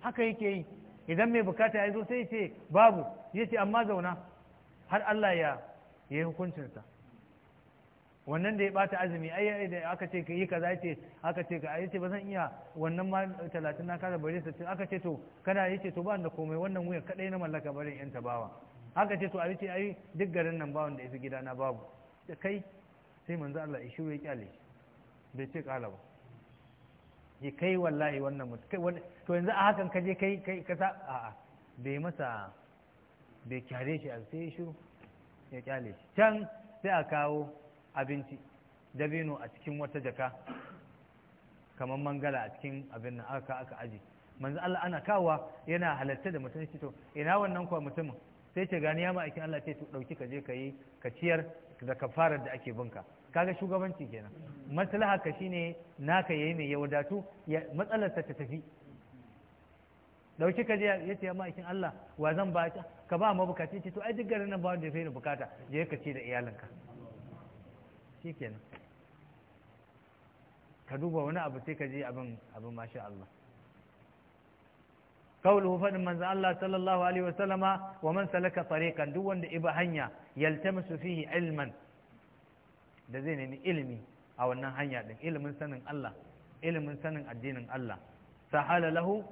haka yake yi idan mai bukata ya zo sai ya ce babu ya ce amma zauna har Allah ya ya yi hukuncinsa wannan da ya bata azumi ai da aka ce ka yi kaza ce aka ce ka ai ce ba zan iya wannan ma talatin na kada bare sai aka ce to kana yi ce to ba da komai wannan wuya kadai na mallaka barin yan tabawa aka ce to ai ce ai duk garin nan bawon da yafi gida na babu da kai sai manzo Allah ya shiru ya kyale bai ce kala ba ya kai wallahi wannan mutum kai to yanzu a hakan ka je kai kai ka sa a'a bai masa bai kyare shi a sai ya shiru ya kyale shi can sai a kawo abinci dabino a cikin wata jaka kamar mangala a cikin abin nan aka aka aji manzo Allah ana kawa yana halatta da mutum shi to ina wannan kuwa mutumin sai ce gani ya ma aikin Allah ce to dauki ka je ka yi ka ciyar da kafarar da ake binka kaga shugabanci kenan maslaha ka shine naka yayi mai ya wadatu matsalar ta tafi dauki ka je ya ce ma ikin Allah wa zan ba ka ba ma bukata ce to ai duk garin nan ba wanda ya fi ni bukata je ka ci da iyalinka shikenan ka duba wani abu sai ka je abin abin masha Allah قوله Allah Sallallahu الله wa الله wa man salaka tariqan duk wanda iba hanya yaltamisu fihi ilman da zai nemi ilimi a wannan hanya din ilimin sanin Allah ilimin sanin addinin Allah sahala lahu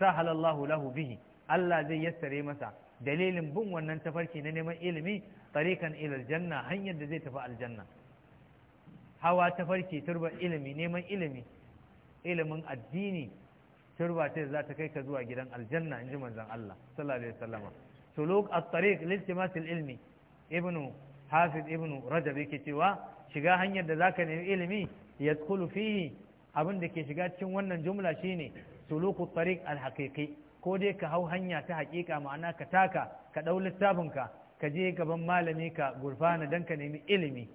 sahalallahu lahu bihi Allah zai yassare masa dalilin bin wannan tafarki na neman ilimi tarikan ilal janna hanyar da zai tafi aljanna hawa tafarki turba ilimi neman ilimi ilimin addini turba ta za ta kai ka zuwa gidan aljanna in ji manzon Allah sallallahu alaihi wasallam suluk at-tariq liltimasil ilmi ibnu hafiz ibnu rajab yake cewa shiga hanyar da zaka nemi ilimi yadkhulu fihi abin da ke shiga cikin wannan jumla shine suluku tariq al-haqiqi ko dai ka hau hanya ta haƙiƙa ma'ana ka taka ka ɗau littafinka ka je gaban malami ka gurfana dan ka nemi ilimi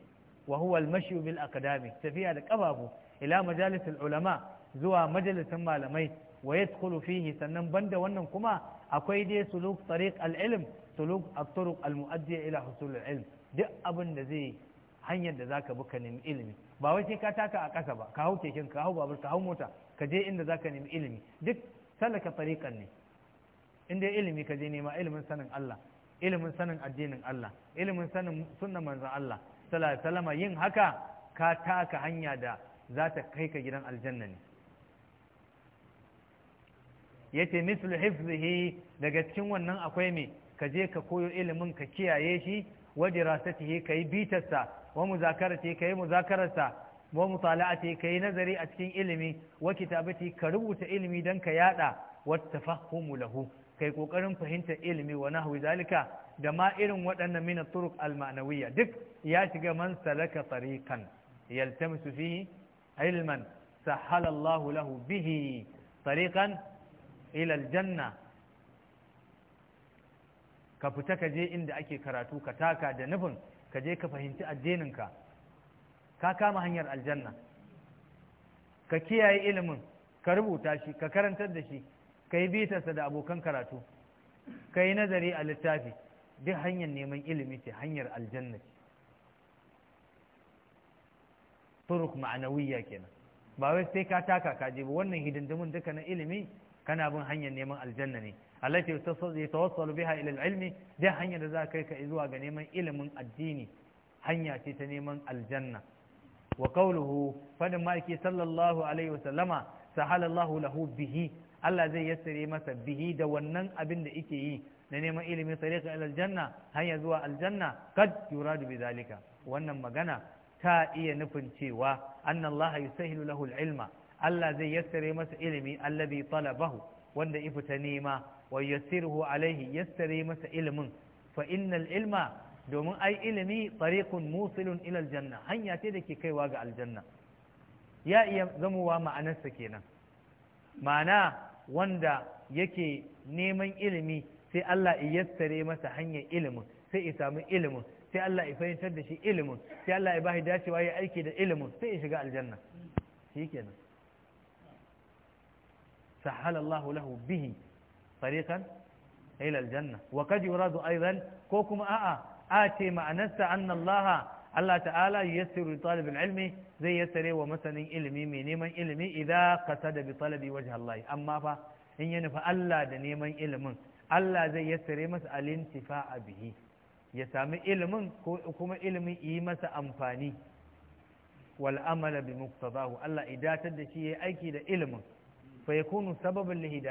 wa huwa al bil aqdami tafiya da ƙafafu ila majalis ulama zuwa majalisin malamai wa yadkhulu fihi sannan banda wannan kuma akwai dai suluk tariq al-ilm suluk at-turuq al-mu'addi ila husul al-ilm duk abin da zai hanyar da zaka bi ka nemi ilimi ba wai sai ka taka a ƙasa ba ka hau keken ka hau babur ka hau mota ka je inda za ka nemi ilimi duk salaka tariƙar ne inda ilimi ka je nema ilimin sanin Allah ilimin sanin addinin Allah ilimin sanin sunan manzan Allah sallallahu salama yin haka ka taka hanya da za ta kai ka gidan aljanna ne yace mislu hifzihi daga cikin wannan akwai me ka je ka koyo ilimin ka kiyaye shi wa dirasatihi kai bitarsa wa muzakarati kai muzakararsa wa mutala'ati kai nazari a cikin ilimi wa kitabati ka rubuta ilimi dan ka yada wa tafahhumu lahu kai kokarin fahimtar ilimi wa nahwi zalika da ma irin waɗannan min turuq al-ma'nawiyya duk ya shiga man salaka tariqan yaltamisu fihi ilman sahala Allahu lahu bihi tariqan ila al-janna ka fita ka je inda ake karatu ka taka da nufin ka je ka fahimci addininka ka kama hanyar aljanna ka kiyaye ilimin ka rubuta shi ka karantar da shi ka yi bitarsa da abokan karatu ka yi nazari a littafi duk hanyar neman ilimi ce hanyar aljanna ce turuk ma'anawiyya kenan ba wai sai ka taka ka je ba wannan hidindimin duka na ilimi kana bin hanyar neman aljanna ne allati yatawassalu biha ila al-ilmi da hanyar da za kai ka zuwa ga neman ilimin addini hanya ce ta neman aljanna wa qawluhu fadin ma'aiki sallallahu alaihi wasallama sahala Allahu lahu bihi Allah zai yassare masa bihi da wannan abin da yake yi na neman ilimin sariqa ila aljanna hanyar zuwa aljanna kad yuradu bi zalika wannan magana ta iya nufin cewa anna Allah yusahilu lahu ilma Allah zai yassare masa ilimi allazi talabahu wanda ifta nema wa yassiruhu alaihi yassare masa ilimin fa innal ilma domin ai ilimi tsarikun musilun ilal janna hanya ce da ke kaiwa ga aljanna ya iya zamowa ma'anarsa kenan ma'ana wanda yake neman ilimi sai Allah ya yassare masa hanyar ilimin sai ya samu ilimin sai Allah ya fahimtar da shi ilimin sai Allah ya bashi dacewa ya aiki da ilimin sai ya shiga aljanna shikenan lahu bihi له به طريقا إلى الجنة وقد aizan ko kuma a'a. a ce ma'anarsa annallaha Allah ta'ala yassiru talibul ilmi zai yassare wa masanin ilimi mai neman ilimi kasa da bi talabi wajh Allah amma fa in ya nufi Allah da neman ilimin Allah zai yassare masa a bihi ya sami ilimin kuma ilimin yi masa amfani wal amala bi muqtadahu Allah idatar da shi yayi aiki da ilimin fa yakunu sababan li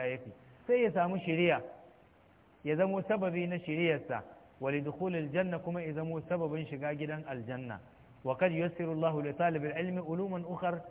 sai ya samu shiriya ya zamo sababi na shiriyarsa wali dukhulil janna kuma ya zamo sababin shiga gidan aljanna wa kad yassiru Allah li talibil ilmi uluman ukhar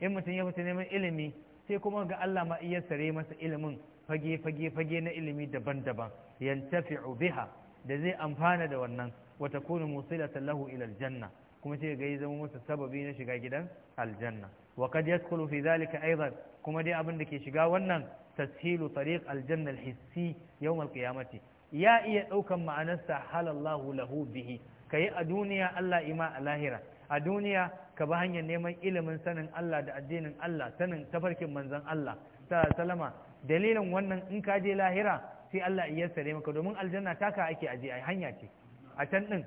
in mutum ya fita neman ilimi sai kuma ga Allah ma iya sare masa ilimin fage fage fage na ilimi daban-daban yantafi'u biha da zai amfana da wannan wa takunu musilatan lahu ila aljanna kuma sai ga ya zama masa sababi na shiga gidan aljanna wa kad yadkhulu fi dhalika aidan kuma dai abin da ke shiga wannan tashilu tariq aljanna alhissi yawm alqiyamati ya iya ɗaukan ma'anarsa halallahu lahu bihi ka yi a duniya Allah ima a lahira a duniya ka ba hanyar neman ilimin sanin Allah da addinin Allah sanin tafarkin manzan Allah salama dalilin wannan in ka je lahira sai Allah iya sare maka domin aljanna taka ake aje a hanya ce a can din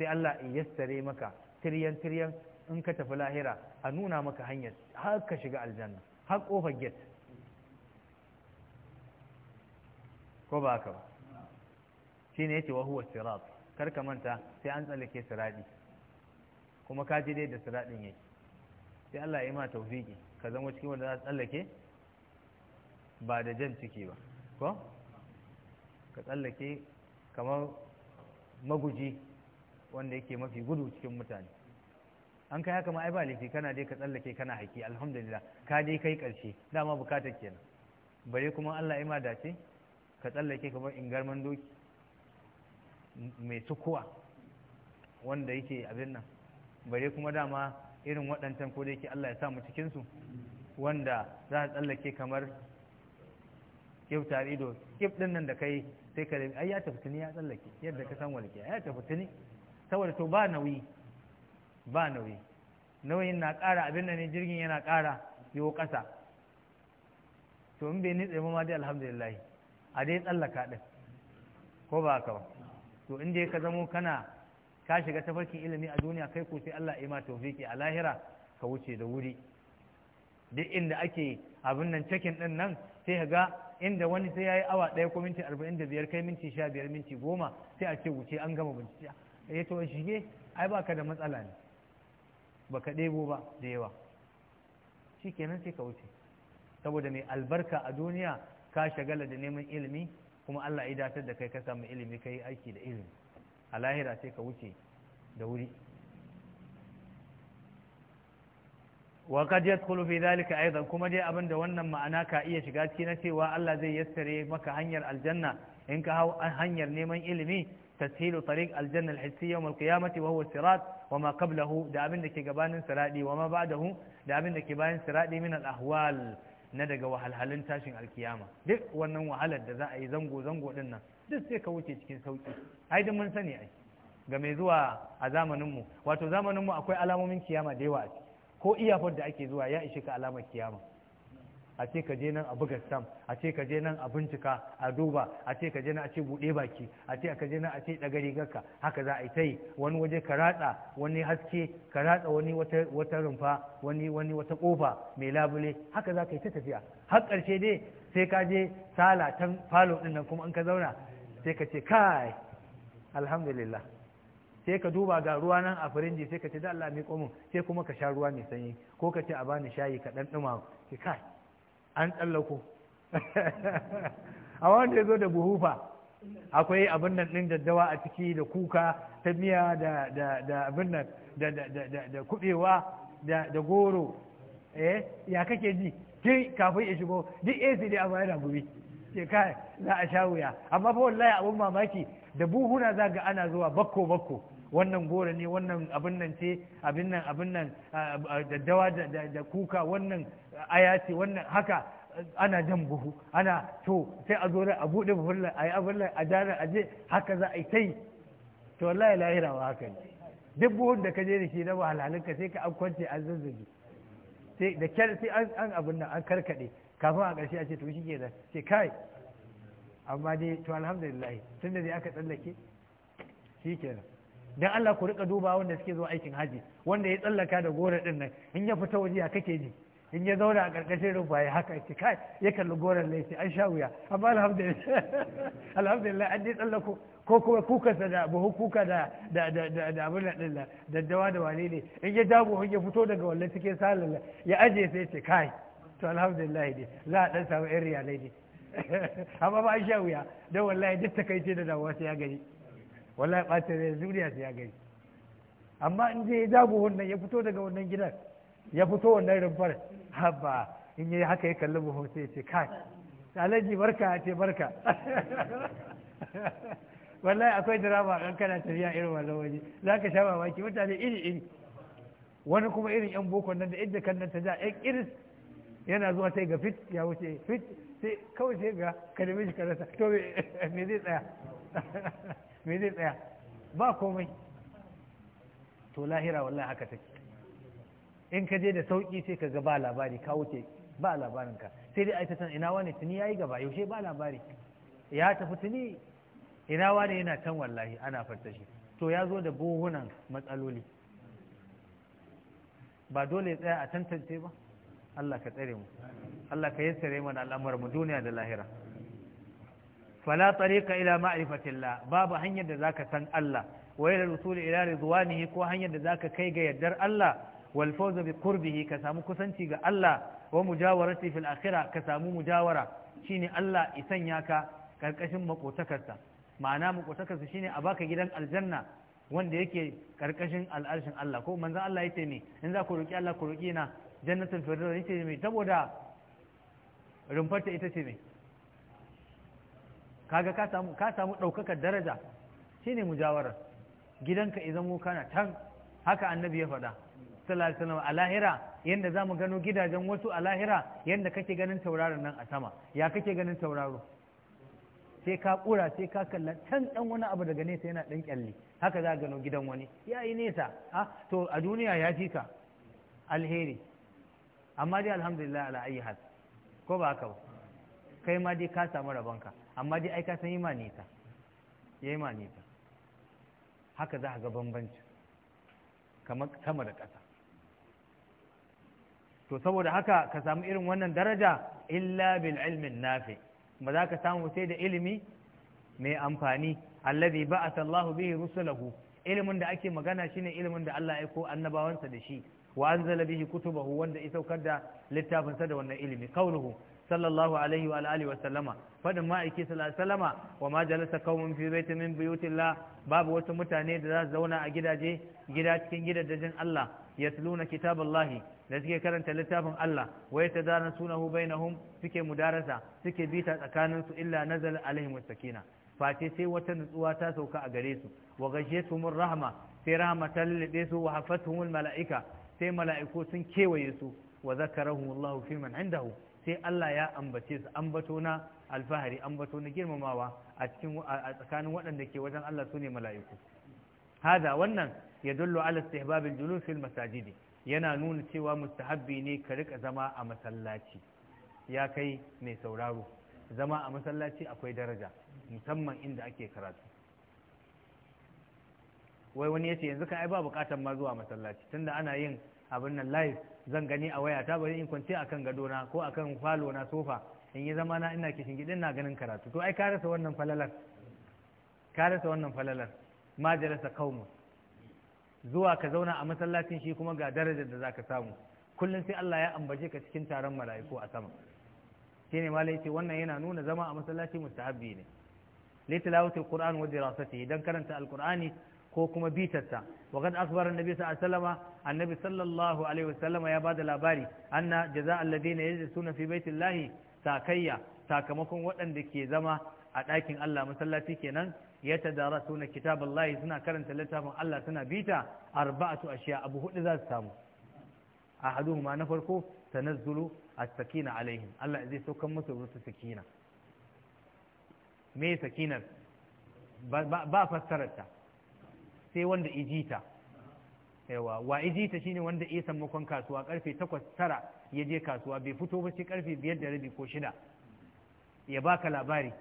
sai Allah iya sare maka tiryan tiryan in ka tafi lahira a nuna maka hanyar har ka shiga aljanna har kofar gate ko ba haka ba shi ne yake wahuwa sirat kar ka manta sai an tsallake siradi kuma ka ji dai da siradin yake sai Allah ya ma tawfiki ka zama cikin wanda za tsallake ba da jan ciki ba ko ka tsallake kamar maguji wanda yake mafi gudu cikin mutane an kai haka ma ai ba laifi kana dai ka tsallake kana haƙi alhamdulillah ka dai kai ƙarshe dama bukatar kenan bare kuma Allah ya ma dace ka tsallake kamar ingarman doki mai tukuwa wanda yake abin nan bare kuma dama irin waɗancan ko da yake Allah ya sa mu cikinsu wanda za a tsallake kamar kyautar ido kif ɗin nan da kai sai ka rabi ai ya tafi tuni ya tsallake yadda ka san walke ya tafi tuni saboda to ba nauyi ba nauyi nauyin na ƙara abin nan ne jirgin yana ƙara yiwo ƙasa to in bai nitse ma dai alhamdulillah a dai tsallaka ɗin ko ba ka ba to inda ya ka zamo kana ka shiga tafarkin ilimi a duniya kai ko sai Allah ya ma a lahira ka wuce da wuri duk inda ake abin nan cikin ɗin nan sai ka ga inda wani sai ya yi awa ɗaya ko minti arba'in da biyar kai minti sha biyar minti goma sai a ce wuce an gama bincike ya eh to shige ai baka da matsala ne ba ka ɗebo ba da yawa shi kenan sai ka wuce saboda mai albarka a duniya ka shagala da neman ilimi kuma Allah ya datar da kai ka samu ilimi ka yi aiki da ilimi a lahira sai ka wuce da wuri wa qad yadkhulu fi dhalika aidan kuma dai abin da wannan ma'ana ka iya shiga ciki na cewa Allah zai yassare maka hanyar aljanna in ka hau hanyar neman ilimi تسهيل طريق الجنة الحسية يوم القيامة وهو الصراط وما قبله دابن دكي قبان سرادي وما بعده دابن دكي بان سرادي من الأهوال na daga wahalhalun tashin alkiyama duk wannan wahalar da za a yi zango-zango din nan duk sai ka wuce cikin sauki ai duk mun sani ai ga mai zuwa a zamaninmu wato zamaninmu akwai alamomin kiyama da yawa ko iyafar da ake zuwa ya ishe ka alamar kiyama a ce ka je nan a buga stamp a ce ka je nan a bincika a duba a ce ka je nan a ce buɗe baki a ce ka je nan a ce ɗaga rigarka haka za a yi ta yi wani waje ka ratsa wani haske ka ratsa wani wata rumfa wani wani wata ƙofa mai labule haka za ka yi ta tafiya har karshe dai sai ka je sala ta falo ɗin nan kuma in ka zauna sai ka ce kai alhamdulillah sai ka duba ga ruwa nan a firinji sai ka ce da Allah mai komo sai kuma ka sha ruwa mai sanyi ko ka ce a bani shayi ka dan dumawa ki kai an tsallako a wanda ya zo da buhufa akwai abin nan ɗin daddawa a ciki da kuka ta miya da abin nan da kuɓewa da goro eh ya kake ji tun kafin ya shigo duk ac dai amma yana gumi ke kai za a sha wuya amma fa wallahi abin mamaki da buhuna za ga ana zuwa bakko bakko wannan goro ne wannan abin nan ce abin nan abin nan daddawa da kuka wannan aya ce wannan haka ana jan buhu ana to sai a zo a bude buhun a yi abin a jana a je haka za a yi tai to wallahi lahira wa haka ne duk buhun da ka je da shi na wahalhalun ka sai ka an kwance an zazzage sai da kyar sai an abin nan an karkade kafin a ƙarshe a ce to shi da sai kai amma dai to alhamdulillah tunda dai aka tsallake shi kenan dan Allah ku rika duba wanda suke zuwa aikin haji wanda ya tsallaka da gora din nan in ya fita waje ya kake ji in ya zauna a karkashin rufa ya haka ke kai ya kalli goron laifi an sha wuya amma alhamdulillah alhamdulillah an dai tsallako ko kuma kuka da buhu kuka da da da da da abin nan din daddawa da wane ne in ya ja in ya fito daga wallan cikin salalla ya aje sai ce kai to alhamdulillah dai za a dan samu yan riyalai ne amma ba an sha wuya dan wallahi duk takaice da dawowa sai ya gani wallahi ɓata zai zuriya sai ya gani amma in je ya wannan ya fito daga wannan gidan ya fito wannan rumfar haba in yi haka ya kalli buhun sai ya ce kai alhaji barka a ce barka wallahi akwai drama ɗan kana tafiya irin wannan waje za ka sha mamaki mutane iri iri wani kuma irin yan boko nan da yadda kan nan ta ja yan iris yana zuwa sai ga fit ya wuce fit sai kawai sai ga kalmi shi karasa to me zai tsaya me zai tsaya ba komai to lahira wallahi haka take in ka je da sauki sai ka ga ba labari ka wuce ba labarin ka sai dai aita san ina wani tuni yayi gaba yaushe ba labari ya tafi tuni ina wani yana can wallahi ana farta shi to ya zo da buhunan matsaloli ba dole ya tsaya a tantance ba Allah ka tsare mu Allah ka yassare mana al'amuran mu duniya da lahira fala tariqa ila ma'rifatillah babu hanyar da zaka san Allah wa ila rusul ila ridwanihi ko hanyar da zaka kai ga Yaddar Allah wal fawz bi qurbihi ka samu kusanci ga Allah wa mujawarati fil akhirah ka samu mujawara shine Allah isanya ka karkashin makotakarsa ma'ana makotakarsa shine a baka gidan aljanna wanda yake karkashin al'arshin Allah ko manzon Allah yace ne in za ku roki Allah ku roki na jannatul firdaus yace me saboda rumfarta ita ce ne. kaga ka samu ka samu ɗaukakar daraja shine mujawarar gidanka idan mu kana tan haka annabi ya faɗa sallallahu alaihi wasallam a lahira yanda zamu gano gidajen wasu a lahira yanda kake ganin tauraron nan a sama ya kake ganin tauraro sai ka kura sai ka kalla can ɗan wani abu daga nesa yana ɗan kyalle haka za gano gidan wani ya yi nesa ha ah, to a duniya ya ji ka alheri amma dai alhamdulillah ala ko ba haka ba kai ma dai ka samu rabonka amma dai aika san yi manita ya yi manita haka za a ga bambanci kamar sama da ƙasa to saboda haka ka samu irin wannan daraja illa bil ilmin nafi ba za ka samu sai da ilimi mai amfani allazi ba'atha Allahu bihi rusulahu ilimin da ake magana shine ilimin da Allah ya aiko annabawansa da shi wa anzala bihi kutubahu wanda ya saukar da littafinsa da wannan ilimi kauluhu sallallahu alaihi wa alihi wa sallama fadin ma'aiki sallallahu sallama wa ma jalasa qaumun fi baitin min buyutillah babu wasu mutane da za su zauna a gidaje gida cikin gidajen Allah yatluna kitaballahi da suke karanta littafin Allah wa yatadarasunahu bainahum suke mudarasa suke bita tsakanin su illa nazal alaihim sakina Fati sai wata nutsuwa ta sauka a gare su wa mun rahma sai rahma ta lalle su wa hafatuhum mala'ika sai mala'iku sun kewaye su wa zakarahum Allah fi man indahu sai Allah ya ambace su ambato na alfahari ambato na girmamawa a cikin a tsakanin waɗanda ke wajen Allah su ne mala'iku hada wannan ya dullo ala istihbabil julus fil masajidi yana nuna cewa mustahabbi ne ka rika zama a masallaci ya kai mai sauraro zama a masallaci akwai daraja musamman inda ake karatu wai wani yace yanzu kan ai ba bukatan ma zuwa masallaci tunda ana yin abin nan live zan gani a waya. Ta bari in kwance akan gadona ko akan falo na sofa in yi zama na ina kishin gidan na ganin karatu to ai ka rasa wannan falalar ka rasa wannan falalar ma kaumu zuwa ka zauna a masallacin shi kuma ga darajar da zaka samu kullum sai Allah ya ambace ka cikin taron mala'iku a sama shine malai yace wannan yana nuna zama a masallaci mustahabbi ne litilawatul tilawatil qur'an wa dirasatihi dan karanta alqur'ani ko kuma bitarsa وقد أخبر النبي صلى الله عليه وسلم النبي صلى الله عليه وسلم يا بعد الأباري أن جزاء الذين يجلسون في بيت الله ساكية ساكمكم وأن ذكي زما أتاكين الله مسلاتي كنان يتدارسون كتاب الله سنة كرن تلتهم الله سنة بيتا أربعة أشياء أبو هؤلاء ذات سامو أحدهما نفركو تنزل السكينة عليهم الله إذي سوكم مسلوس السكينة مي سكينة با, با, با فسرتها sai wanda ijita yawa wa ijita shine wanda ya sammakon kasuwa karfe takwas tara ya je kasuwa bai fito ba sai karfe biyar da rabi ko shida ya baka labari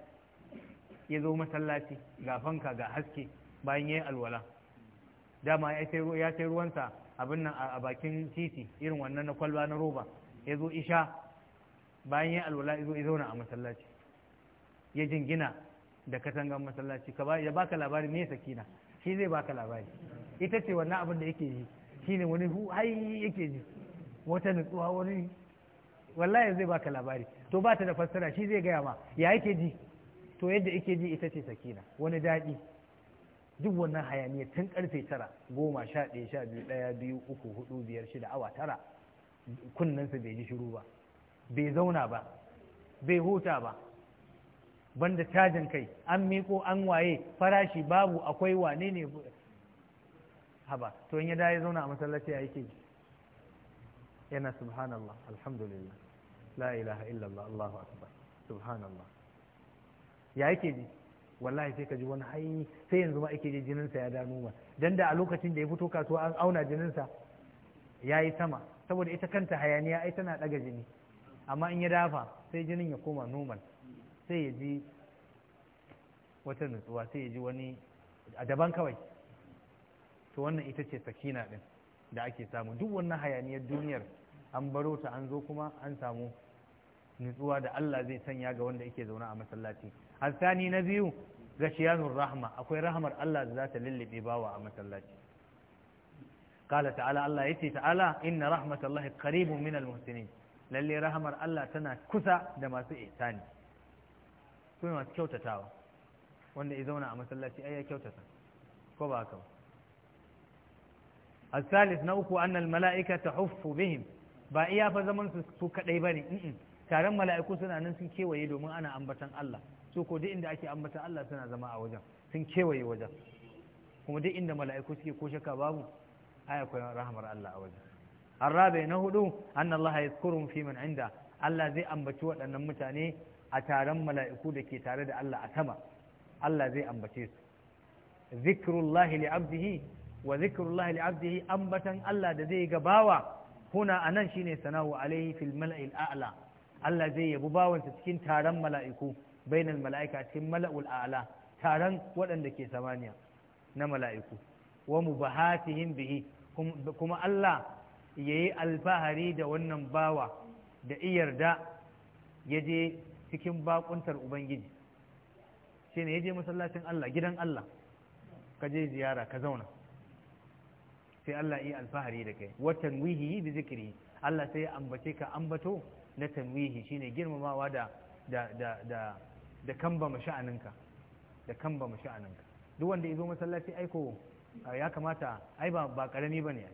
ya zo masallaci ga fanka ga haske bayan ya alwala dama ya sai ruwansa abin nan a bakin titi irin wannan na kwalba na roba ya zo isha bayan ya alwala ya zo ya zauna a masallaci ya jingina da katangan masallaci ka ya baka labari ne sakina shi zai baka labari ita ce wannan abin da yake ji shine wani hu ai yake ji wata nutsuwa wani wallahi zai baka labari to ba ta da fassara shi zai gaya ma ya yake ji to yadda yake ji ita ce sakina wani daɗi duk wannan hayaniya tun karfe tara goma sha ɗaya sha biyu ɗaya biyu uku hudu biyar shida awa tara kunnensa bai ji shiru ba bai zauna ba bai huta ba banda cajin kai an miko an waye farashi babu akwai wane ne haba to in ya dai ya zauna a masallaci ya yake yana subhanallah alhamdulillah la ilaha illallah allahu akbar subhanallah ya yake ji wallahi sai ka ji wani hai sai yanzu ma yake ji jininsa ya da numa dan da a lokacin da ya fito kasuwa an auna jininsa ya yi sama saboda ita kanta hayaniya ai tana daga jini amma in ya dafa sai jinin ya koma normal sai ya ji wata nutsuwa sai ya ji wani a daban kawai to wannan ita ce sakina din da ake samu duk wannan hayaniyar duniyar an baro ta an zo kuma an samu nutsuwa da Allah zai sanya ga wanda yake zaune a masallaci alsani na biyu shiyanun rahma akwai Rahamar Allah da za ta lullube bawa a masallaci قال تعالى الله يتي تعالى إن رحمة الله قريب من المحسنين للي رحمة الله تنا كسا دما سئتاني kuma masu kyautatawa wanda ya zauna a masallaci ai ya kyautata ko ba haka الثالث نوكو أن الملائكة تحف بهم ba iya fa zaman su su kadai bane taron mala'iku suna nan sun kewaye domin ana ambatan Allah so ko duk inda ake ambatan Allah suna zama a wajen sun kewaye wajen kuma duk inda mala'iku suke ko shaka babu ai akwai rahmar Allah a wajen arabe na hudu anna Allah yazkurum fi man inda Allah zai ambaci waɗannan mutane a taron mala'iku da ke tare da Allah a sama Allah zai ambace su zikrullahi li wa zikrullahi li ambatan Allah da zai ga bawa huna nan shine sana'u alaihi fil mala'il a'la Allah zai yabi bawansa cikin taron mala'iku bainal mala'ika cikin mala'ul a'la taron waɗanda ke samaniya na mala'iku wa mubahatihim bihi kuma Allah yi alfahari da wannan bawa da iyarda ya je cikin bakuntar ubangiji shi ne ya je masallacin Allah gidan Allah ka je ziyara ka zauna sai Allah yi alfahari da kai wa tanwihi bi zikri Allah sai ya ambace ka ambato na tanwihi shi ne girmamawa da da da da da kamba masha'aninka duk wanda zo masallaci aiko ya kamata ai ba ba ne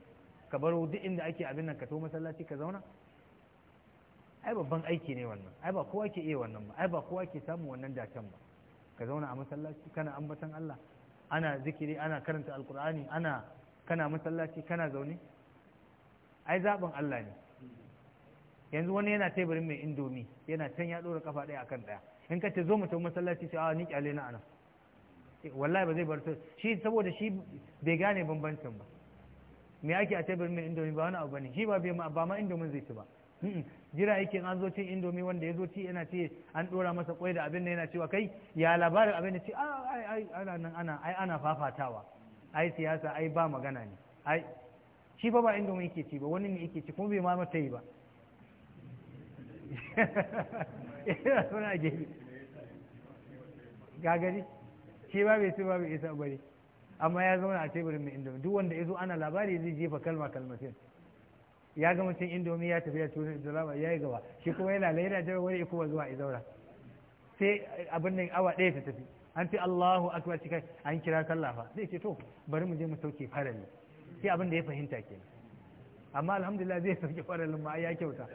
ka baro duk inda ake abin nan ka to masallaci ka zauna ai babban aiki ne wannan ai ba kowa ke iya wannan ba ai ba kowa ke samun wannan dacen ba ka zauna a masallaci kana ambatan Allah ana zikiri ana karanta alkur'ani ana kana masallaci kana zaune ai zaɓin Allah ne yanzu wani yana teburin mai indomi yana can ya ɗora kafa ɗaya akan ɗaya in ka ce zo mu tafi masallaci sai a ah, ni kyale na anan eh, wallahi ba zai bar shi saboda shi bai gane bambancin ba me ake a teburin mai indomi ba wani abu bane shi ba ba ma indomin zai ci ba jira yake an zo cin indomi wanda ya zo ci yana ce an dora masa kwai da abin da yana cewa kai ya labarin abin da ce ah, ai ai ana nan ana ai ana fafatawa ai siyasa ai ba magana ne ai shi fa ba indomi yake ci ba wani ne yake ci kuma bai ma mata yi ba gagari shi ba bai ci ba bai isa bari amma ya zauna a teburin mai indomi duk wanda ya zo ana labari zai jefa kalma kalmatin ya ga mutum indomi ya tafiya ya cutar da lama ya yi gaba shi kuma yana laira jira wani ya kuma zuwa izaura sai abin nan awa ɗaya ta tafi an ce Allahu akbar cikai an kira kallafa zai ce to bari mu je mu sauke farali sai abin da ya fahimta ke amma alhamdulillah zai sauke faralin ma ya kyauta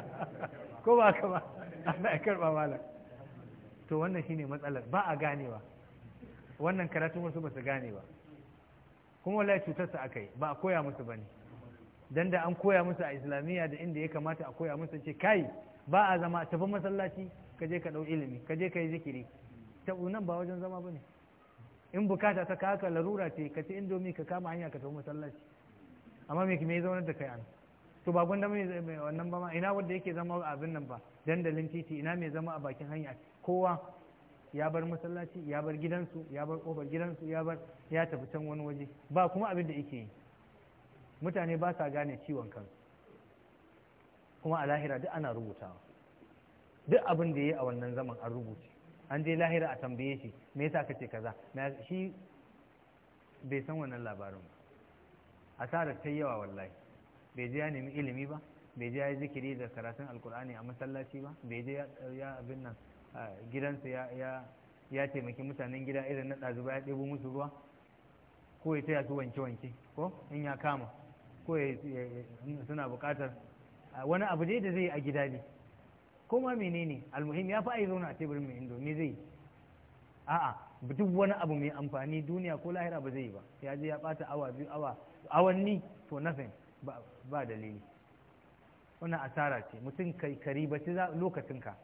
ko ba ka ba Allah ya karba malam to wannan shine matsalar ba a ganewa wannan karatun wasu ba su gane ba kuma wallahi cutar sa akai ba a koya musu bane dan da an koya musu a islamiyya da inda ya kamata a koya musu ce kai ba a zama tafi masallaci ka je ka ɗau ilimi ka je ka yi zikiri tabu nan ba wajen zama ba ne in bukata ta kaka larura ce ka ci indomi ka kama hanya ka tafi masallaci amma me me zaunar da kai an to ba gwanda mai wannan ba ma ina wanda yake zama abin nan ba dandalin titi ina mai zama a bakin hanya kowa ya bar masallaci ya bar gidansu ya bar kofar gidansu ya bar ya tafi can wani waje ba kuma abin da yake yi mutane ba sa gane ciwon kansu kuma a lahira duk ana rubutawa duk abin da ya yi a wannan zaman an rubuce an je lahira a tambaye shi me yasa kace kaza shi bai san wannan labarin ba asara ta yawa wallahi bai je ya nemi ilimi ba bai je ya yi zikiri da karatun alkur'ani a masallaci ba bai je ya abin nan gidansa ya taimaki mutanen gida irin na ɗazu ba ya ɗebo musu ruwa ko ya taya su wanke-wanke ko in ya kama ko suna bukatar wani abu dai da zai a gida ne ko menene almuhim ya fi a yi zaune a teburin mai indomi zai a'a duk wani abu mai amfani duniya ko lahira ba zai yi ba ya je ya bata awa biyu awa awanni to nothing ba dalili wannan asara ce mutum kai kari lokacin ka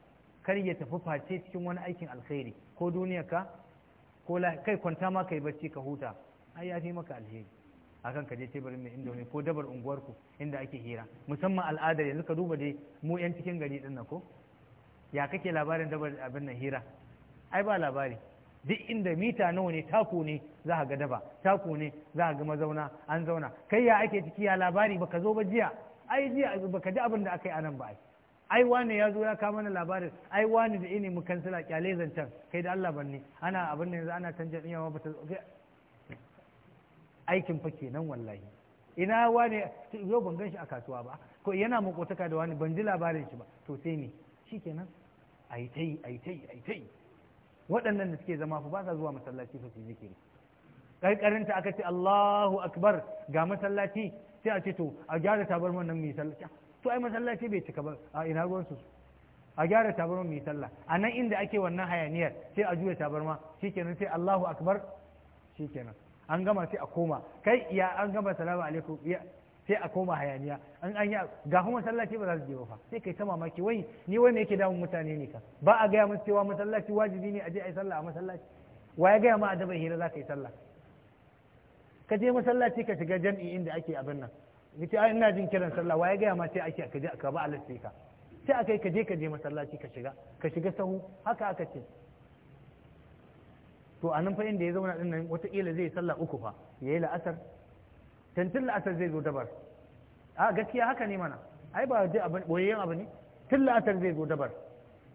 kar ya tafi face cikin wani aikin alkhairi ko duniyarka ko kai kwanta ma kai bacci ka huta ai ya fi maka alheri akan ka je teburin mai indomi ko dabar unguwarku inda ake hira musamman al'adar yanzu ka duba dai mu yan cikin gari din nan ko ya kake labarin dabar abin nan hira ai ba labari duk inda mita nawa ne taku ne za ka ga daba taku ne za ka ga mazauna an zauna kai ya ake ciki ya labari baka zo ba jiya ai jiya baka ji abin da aka yi a nan ba ai ai wani ya zo ya kama mana labarin ai wani da ini mu kansila kyale zancen kai da Allah banne ana abin da yanzu ana canja din yawa bata aikin fa kenan wallahi ina wane yau ban gan shi a kasuwa ba ko yana makotaka da wani ban ji labarin shi ba to sai me shikenan ai tai ai tai ai tai waɗannan da suke zama fa ba sa zuwa masallaci fa su zikiri karkarinta aka ce Allahu akbar ga masallaci sai a ce to a gyara tabarman nan mai sallah to ai masallaci bai cika ba a ina ruwan su a gyara tabarman mai sallah a nan inda ake wannan hayaniyar sai a juya tabarma shikenan sai Allahu akbar shikenan an gama sai a koma kai ya an gama salamu alaikum ya sai a koma hayaniya an an yi ga kuma masallaci ba za su je ba fa sai kai ta mamaki wai ni wai me yake damun mutane ne ka ba a gaya musu cewa masallaci wajibi ne a je a yi sallah a masallaci wa ya gaya ma a daba hira za ka yi sallah ka je masallaci ka shiga jam'i inda ake abin nan ni ai ina jin kiran sallah wa ya gaya ma sai ake ka je ka ba alasti ka sai akai ka je ka je masallaci ka shiga ka shiga sahu haka aka ce to a nan fa inda ya zauna din nan wataƙila zai sallah uku fa ya yi la'asar tantin la'asar zai zo dabar a gaskiya haka ne mana ai ba dai abin boyayyen abu ne tun la'asar zai zo dabar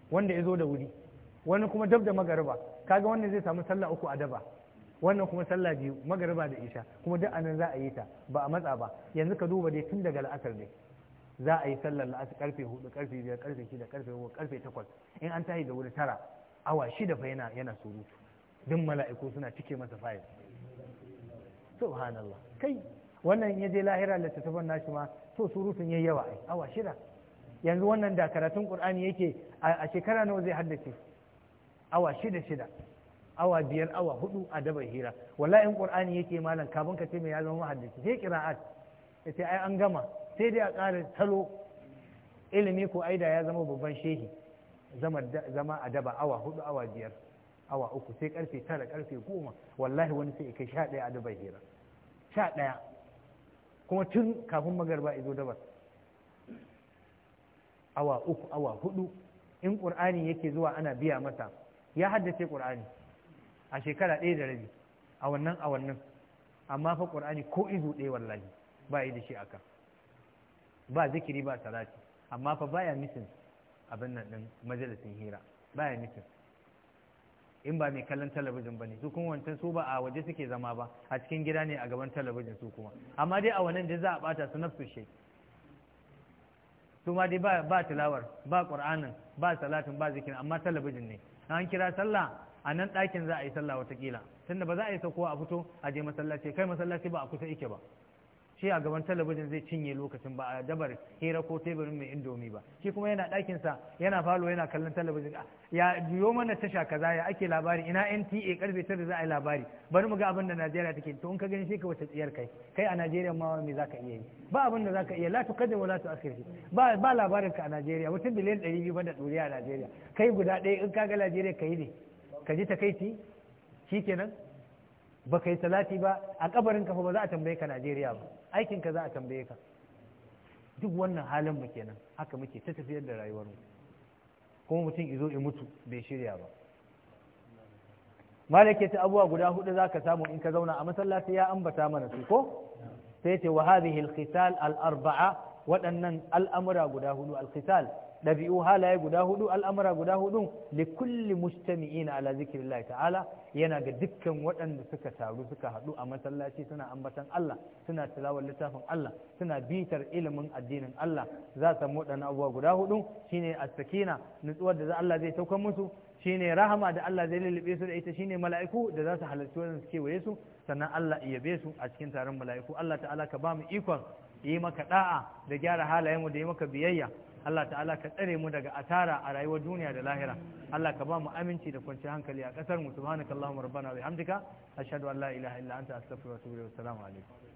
wanda ya zo da wuri wani kuma dab da magariba kaga wanda zai samu sallah uku a daba wannan kuma sallah biyu magariba da isha kuma duk anan za a yi ta ba a matsa ba yanzu ka duba dai tun daga la'asar ne za a yi sallar la'asar karfe hudu karfe biyar karfe shida karfe hudu karfe takwas in an tashi da wuri tara awa shida fa yana yana surutu duk mala'iku suna cike masa fayil subhanallah kai wannan ya je lahira littattafan nashi ma so surutun yayi yawa ai awa shida yanzu wannan da karatun qur'ani yake a shekara nawa zai haddace awa shida shida awa biyar awa hudu a dabar hira wallahi in qur'ani yake malam kafin ka ce mai ya zama muhaddisi sai qira'at sai ai an gama sai dai a ƙara salo ilimi ko aida ya zama babban shehi zama a daba awa hudu awa biyar awa uku sai karfe tara karfe goma wallahi wani sai kai sha ɗaya a dubai hira sha ɗaya kuma tun kafin magarba izo dabar awa uku awa hudu in ƙur'ani yake zuwa ana biya masa ya haddace ƙur'ani a shekara ɗaya da rabi a wannan a wannan amma fa ƙur'ani ko izo ɗaya wallahi ba yi da shi aka ba zikiri ba salati amma fa baya misin abin nan ɗin majalisin hira baya misin in ba mai kallon talabijin ba ne su kuma wancan su ba a waje suke zama ba a cikin gida ne a gaban talabijin su kuma amma dai a wannan da za a bata su nafsu shi su ma dai ba tilawar ba qur'anin ba salatin ba zikirin amma talabijin ne an kira sallah a nan ɗakin za a yi sallah watakila tunda ba za a yi kowa a fito a je masallaci kai masallaci ba a kusa ike ba shi a gaban talabijin zai cinye lokacin ba a dabar hira ko teburin mai indomi ba shi kuma yana ɗakinsa yana falo yana kallon talabijin ya biyo mana tasha kaza ya ake labari ina nta karfe tara za a yi labari bari mu ga abin da najeriya take to in ka gani shi ka wace tsiyar kai kai a najeriya ma me za iya yi ba abin da za iya la tu kada wala tu ba ba labarin ka a najeriya mutum biliyan ɗari biyu da ɗuriya a najeriya kai guda ɗaya in ka ga najeriya ka yi ne ka ji takaici kenan ba ka yi talati ba a kabarin kafa ba za a tambaye ka najeriya ba aikin ka za a tambaye ka duk wannan halin mu kenan haka muke ta tafiyar da rayuwar mu kuma mutum izo ya mutu bai shirya ba malaka ta abuwa guda hudu zaka samu in ka zauna a masallaci ya ambata mana su ko sai ce wa hadhihi al-qital al-arba'a waɗannan al'amura guda hudu al-qital ɗabi'u halaye guda hudu al'amura guda hudu li kulli mustami'ina ala zikrillah ta'ala yana ga dukkan waɗanda suka taru suka haɗu a masallaci suna ambatan Allah suna tilawar littafin Allah suna bitar ilimin addinin Allah za su samu waɗannan abubuwa guda hudu shine asakina sakina nutsuwar da Allah zai sauka musu shine rahama da Allah zai lullube su da ita shine mala'iku da za su halarci wajen suke waye su sannan Allah iya be su a cikin taron mala'iku Allah ta'ala ka ba mu ikon yi maka da'a da gyara halayenmu da yi maka biyayya Allah ta'ala ka tsare mu daga asara a rayuwar duniya da lahira Allah ka ba mu aminci da kwanciyar hankali a kasar mu subhanakallahumma rabbana wa bihamdika ashhadu an la ilaha illa anta astaghfiruka wa atubu ilayk assalamu alaikum